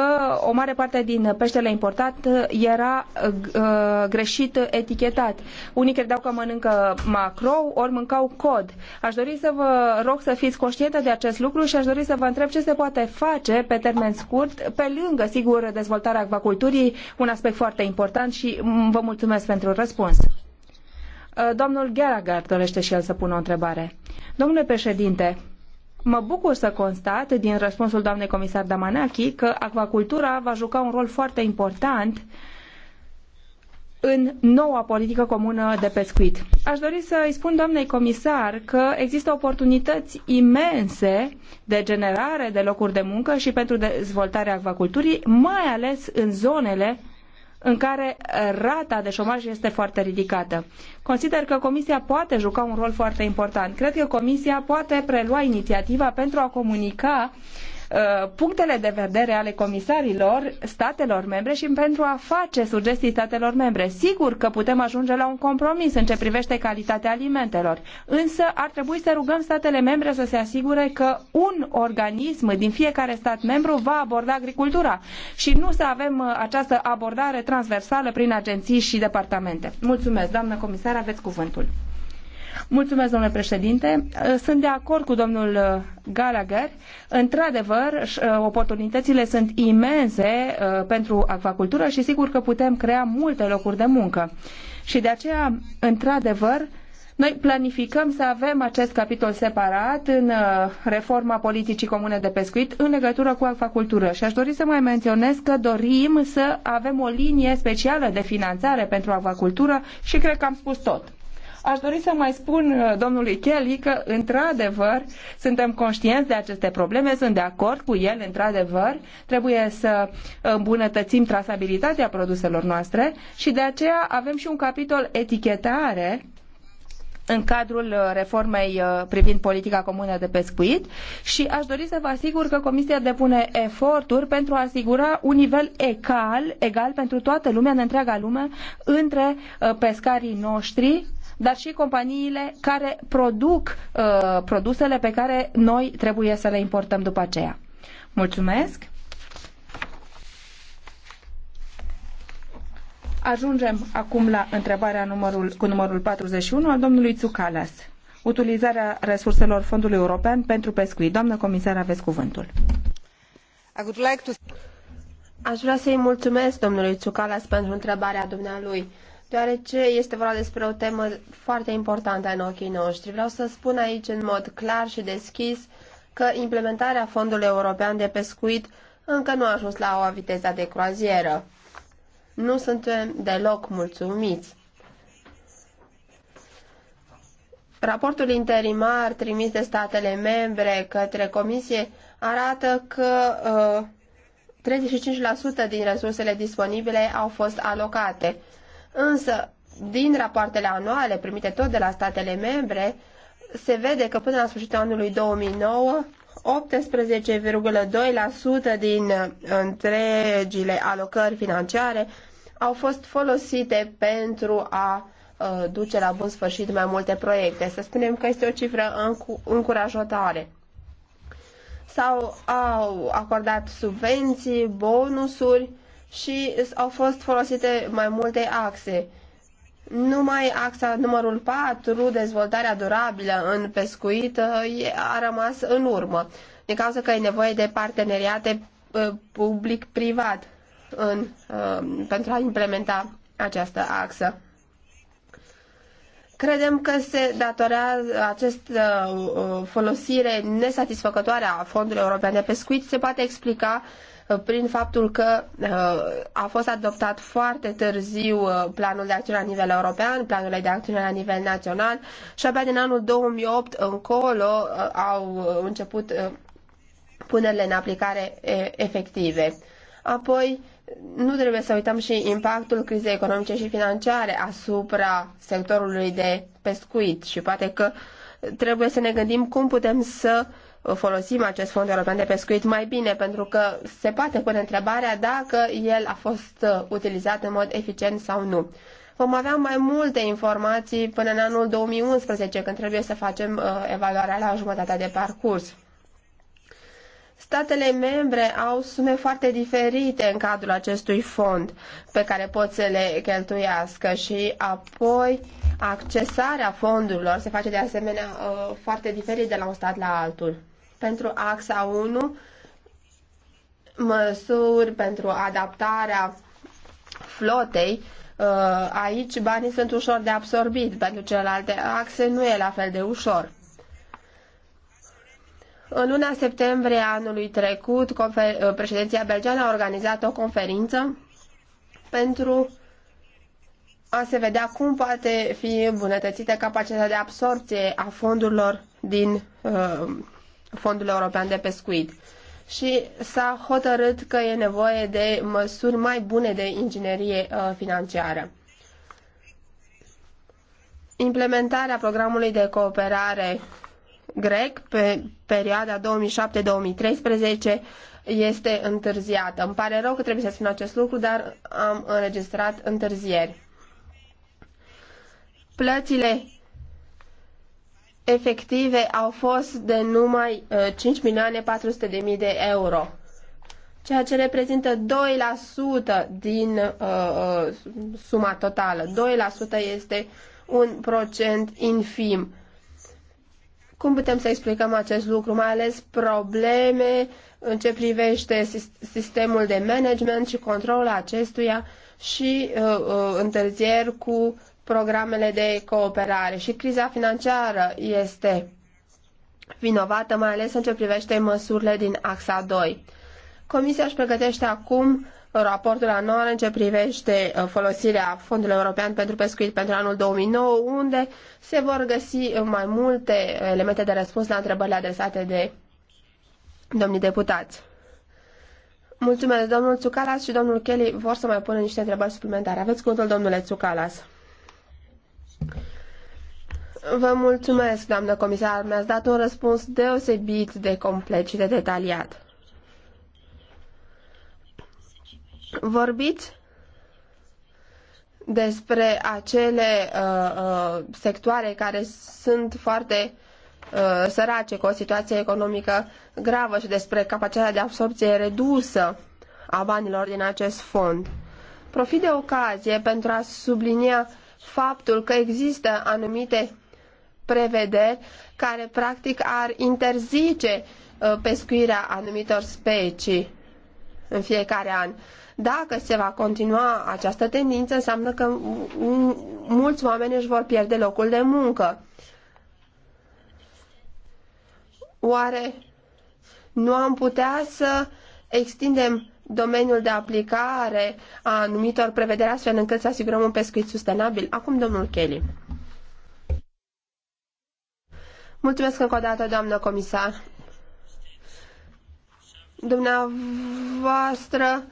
o mare parte din peștele importat era uh, greșit etichetat. Unii credeau că mănâncă macrou, ori mâncau cod. Aș dori să vă rog să fiți conștientă de acest lucru și aș dori să vă întreb ce se poate face pe termen scurt, pe lângă, sigur, dezvoltarea acvaculturii, un aspect foarte important și vă mulțumesc pentru răspuns. Uh, domnul Gallagher dorește și el să pună o întrebare. Domnule președinte, mă bucur să constat din răspunsul doamnei comisar Damanachi că acvacultura va juca un rol foarte important în noua politică comună de pescuit. Aș dori să îi spun doamnei comisar că există oportunități imense de generare de locuri de muncă și pentru dezvoltarea acvaculturii, mai ales în zonele în care uh, rata de șomaj este foarte ridicată. Consider că Comisia poate juca un rol foarte important. Cred că Comisia poate prelua inițiativa pentru a comunica uh, Uh, punctele de vedere ale comisarilor statelor membre și pentru a face sugestii statelor membre. Sigur că putem ajunge la un compromis în ce privește calitatea alimentelor, însă ar trebui să rugăm statele membre să se asigure că un organism din fiecare stat membru va aborda agricultura și nu să avem uh, această abordare transversală prin agenții și departamente. Mulțumesc, doamnă comisar, aveți cuvântul. Mulțumesc, domnule președinte. Uh, sunt de acord cu domnul uh, Gallagher. Într-adevăr, uh, oportunitățile sunt imense pentru acvacultură și sigur că putem crea multe locuri de muncă. Și de aceea, într-adevăr, noi planificăm să avem acest capitol separat în reforma politicii comune de pescuit în legătură cu acvacultură și aș dori să mai menționez că dorim să avem o linie specială de finanțare pentru acvacultură și cred că am spus tot. Aș dori să mai spun uh, domnului Kelly că, într-adevăr, suntem conștienți de aceste probleme, sunt de acord cu el, într-adevăr, trebuie să îmbunătățim trasabilitatea produselor noastre și de aceea avem și un capitol etichetare în cadrul uh, reformei uh, privind politica comună de pescuit și aș dori să vă asigur că Comisia depune eforturi pentru a asigura un nivel egal, egal pentru toată lumea, în întreaga lume, între pescarii noștri dar și companiile care produc uh, produsele pe care noi trebuie să le importăm după aceea. Mulțumesc! Ajungem acum la întrebarea numărul, cu numărul 41 al domnului Tsukalas. Utilizarea resurselor Fondului European pentru pescuit. Doamnă comisar, aveți cuvântul. I would like to... Aș vrea să-i mulțumesc domnului Tsukalas pentru întrebarea dumnealui deoarece este vorba despre o temă foarte importantă în ochii noștri. Vreau să spun aici în mod clar și deschis că implementarea Fondului European de Pescuit încă nu a ajuns la o viteză de croazieră. Nu suntem deloc mulțumiți. Raportul interimar trimis de statele membre către Comisie arată că uh, 35% din resursele disponibile au fost alocate Însă, din rapoartele anuale primite tot de la statele membre, se vede că până la sfârșitul anului 2009, 18,2% din uh, întregile alocări financiare au fost folosite pentru a uh, duce la bun sfârșit mai multe proiecte. Să spunem că este o cifră încurajatoare. S-au acordat subvenții, bonusuri și au fost folosite mai multe axe. Numai axa numărul 4, dezvoltarea durabilă în pescuit, uh, a rămas în urmă, din cauza că e nevoie de parteneriate uh, public-privat în, uh, pentru a implementa această axă. Credem că se datorează această folosire nesatisfăcătoare a Fondului European de Pescuit se poate explica prin faptul că uh, a fost adoptat foarte târziu uh, planul de acțiune la nivel european, planurile de acțiune la nivel național și abia din anul 2008 încolo uh, au început punerile în aplicare efective. Apoi, nu trebuie să uităm și impactul crizei economice și financiare asupra sectorului de pescuit și poate că trebuie să ne gândim cum putem să uh, folosim acest fond european de pescuit mai bine, pentru că se poate pune întrebarea dacă el a fost uh, utilizat în mod eficient sau nu. Vom avea mai multe informații până în anul 2011, când trebuie să facem uh, evaluarea la jumătatea de parcurs. Statele membre au sume foarte diferite în cadrul acestui fond pe care pot să le cheltuiască și apoi accesarea fondurilor se face de asemenea uh, foarte diferit de la un stat la altul pentru axa 1, măsuri pentru adaptarea flotei, uh, aici banii sunt ușor de absorbit, pentru celelalte axe nu e la fel de ușor. În luna septembrie anului trecut, uh, președinția belgeană a organizat o conferință pentru a se vedea cum poate fi îmbunătățită capacitatea de absorție a fondurilor din uh, Fondul European de Pescuit. Și s-a hotărât că e nevoie de măsuri mai bune de inginerie uh, financiară. Implementarea programului de cooperare grec pe perioada 2007-2013 este întârziată. Îmi pare rău că trebuie să spun acest lucru, dar am înregistrat întârzieri. Plățile efective au fost de numai 5 uh, milioane 400 de mii de euro, ceea ce reprezintă 2% din uh, uh, suma totală. 2% este un procent infim. Cum putem să explicăm acest lucru, mai ales probleme în ce privește sistemul de management și controlul acestuia și uh, uh, întârzieri cu programele de cooperare și criza financiară este vinovată, mai ales în ce privește măsurile din AXA 2. Comisia își pregătește acum raportul anual în ce privește uh, folosirea Fondului European pentru Pescuit pentru anul 2009, unde se vor găsi mai multe elemente de răspuns la întrebările adresate de domnii deputați. Mulțumesc, domnul Tsukalas și domnul Kelly vor să mai pună niște întrebări suplimentare. Aveți cuvântul, domnule Tsukalas. Vă mulțumesc, doamnă comisar. Mi-ați dat un răspuns deosebit de complet și de detaliat. Vorbiți despre acele uh, uh, sectoare care sunt foarte uh, sărace, cu o situație economică gravă și despre capacitatea de absorpție redusă a banilor din acest fond. Profit de ocazie pentru a sublinia uh, faptul că există anumite prevederi care practic ar interzice uh, pescuirea anumitor specii în fiecare an. Dacă se va continua această tendință, înseamnă că mulți oameni își vor pierde locul de muncă. Oare nu am putea să extindem domeniul de aplicare a anumitor prevederi astfel încât să asigurăm un pescuit sustenabil. Acum, domnul Kelly. Mulțumesc încă o dată, doamnă comisar. Dumneavoastră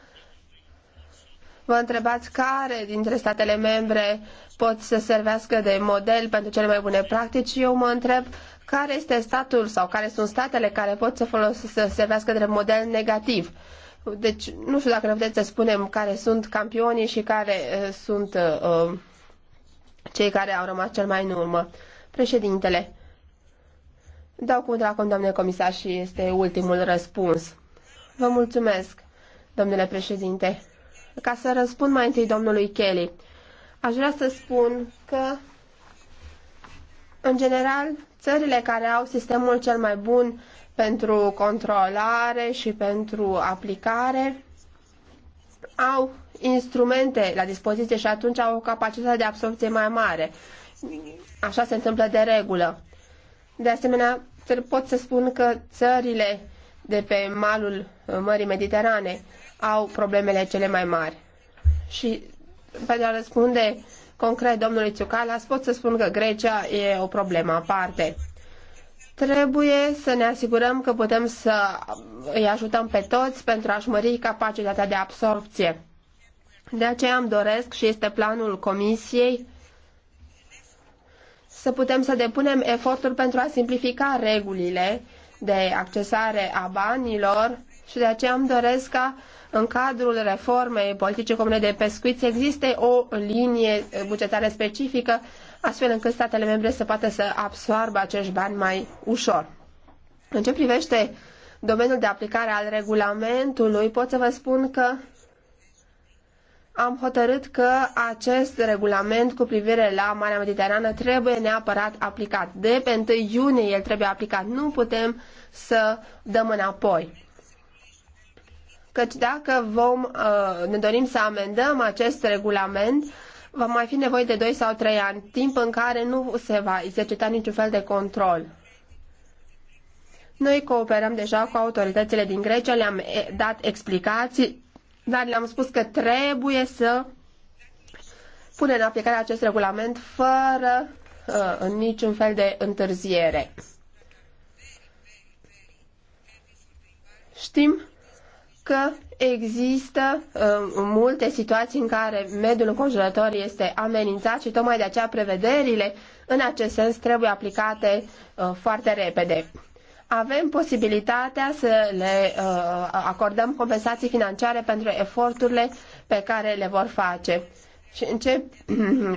vă întrebați care dintre statele membre pot să servească de model pentru cele mai bune practici. Eu mă întreb care este statul sau care sunt statele care pot să, folos- să servească de model negativ. Uh, deci, nu știu dacă ne puteți să spunem care sunt campionii și care uh, sunt uh, cei care au rămas cel mai în urmă. Președintele, dau cuvântul acum, domnule comisar, și este ultimul răspuns. Vă mulțumesc, domnule președinte. Ca să răspund mai întâi domnului Kelly, aș vrea să spun că, în general, țările care au sistemul cel mai bun pentru controlare și pentru aplicare au instrumente la dispoziție și atunci au o capacitate de absorpție mai mare. Așa se întâmplă de regulă. De asemenea, pot să spun că țările de pe malul Mării Mediterane au problemele cele mai mari. Și pentru a răspunde concret domnului Ciucalas. pot să spun că Grecia e o problemă aparte. Trebuie să ne asigurăm că putem să îi ajutăm pe toți pentru a-și mări capacitatea de absorpție. De aceea îmi doresc și este planul Comisiei să putem să depunem eforturi pentru a simplifica regulile de accesare a banilor și de aceea îmi doresc ca în cadrul reformei politicii comune de pescuit să existe o linie bugetară specifică astfel încât statele membre să poată să absorbă acești bani mai ușor. În ce privește domeniul de aplicare al regulamentului, pot să vă spun că am hotărât că acest regulament cu privire la Marea Mediterană trebuie neapărat aplicat. De pe 1 iunie el trebuie aplicat. Nu putem să dăm înapoi. Căci dacă vom, uh, ne dorim să amendăm acest regulament, va mai fi nevoie de 2 sau 3 ani, timp în care nu se va exercita niciun fel de control. Noi cooperăm deja cu autoritățile din Grecia, le-am dat explicații, dar le-am spus că trebuie să pune în aplicare acest regulament fără uh, niciun fel de întârziere. Știm că există uh, multe situații în care mediul înconjurător este amenințat și tocmai de aceea prevederile în acest sens trebuie aplicate uh, foarte repede. Avem posibilitatea să le uh, acordăm compensații financiare pentru eforturile pe care le vor face. Și încep,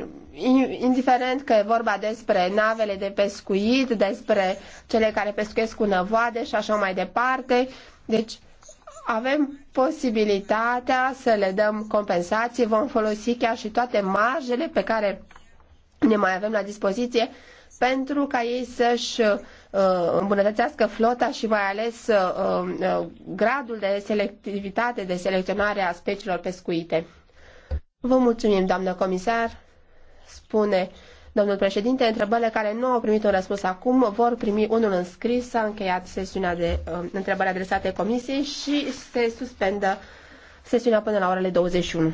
[CLEARS THROAT] indiferent că e vorba despre navele de pescuit, despre cele care pescuiesc cu năvoade și așa mai departe, deci avem posibilitatea să le dăm compensații, vom folosi chiar și toate marjele pe care ne mai avem la dispoziție pentru ca ei să-și uh, îmbunătățească flota și mai ales uh, uh, gradul de selectivitate, de selecționare a speciilor pescuite. Vă mulțumim, doamnă comisar, spune Domnul președinte, întrebările care nu au primit un răspuns acum vor primi unul în scris. S-a încheiat sesiunea de uh, întrebări adresate comisiei și se suspendă sesiunea până la orele 21.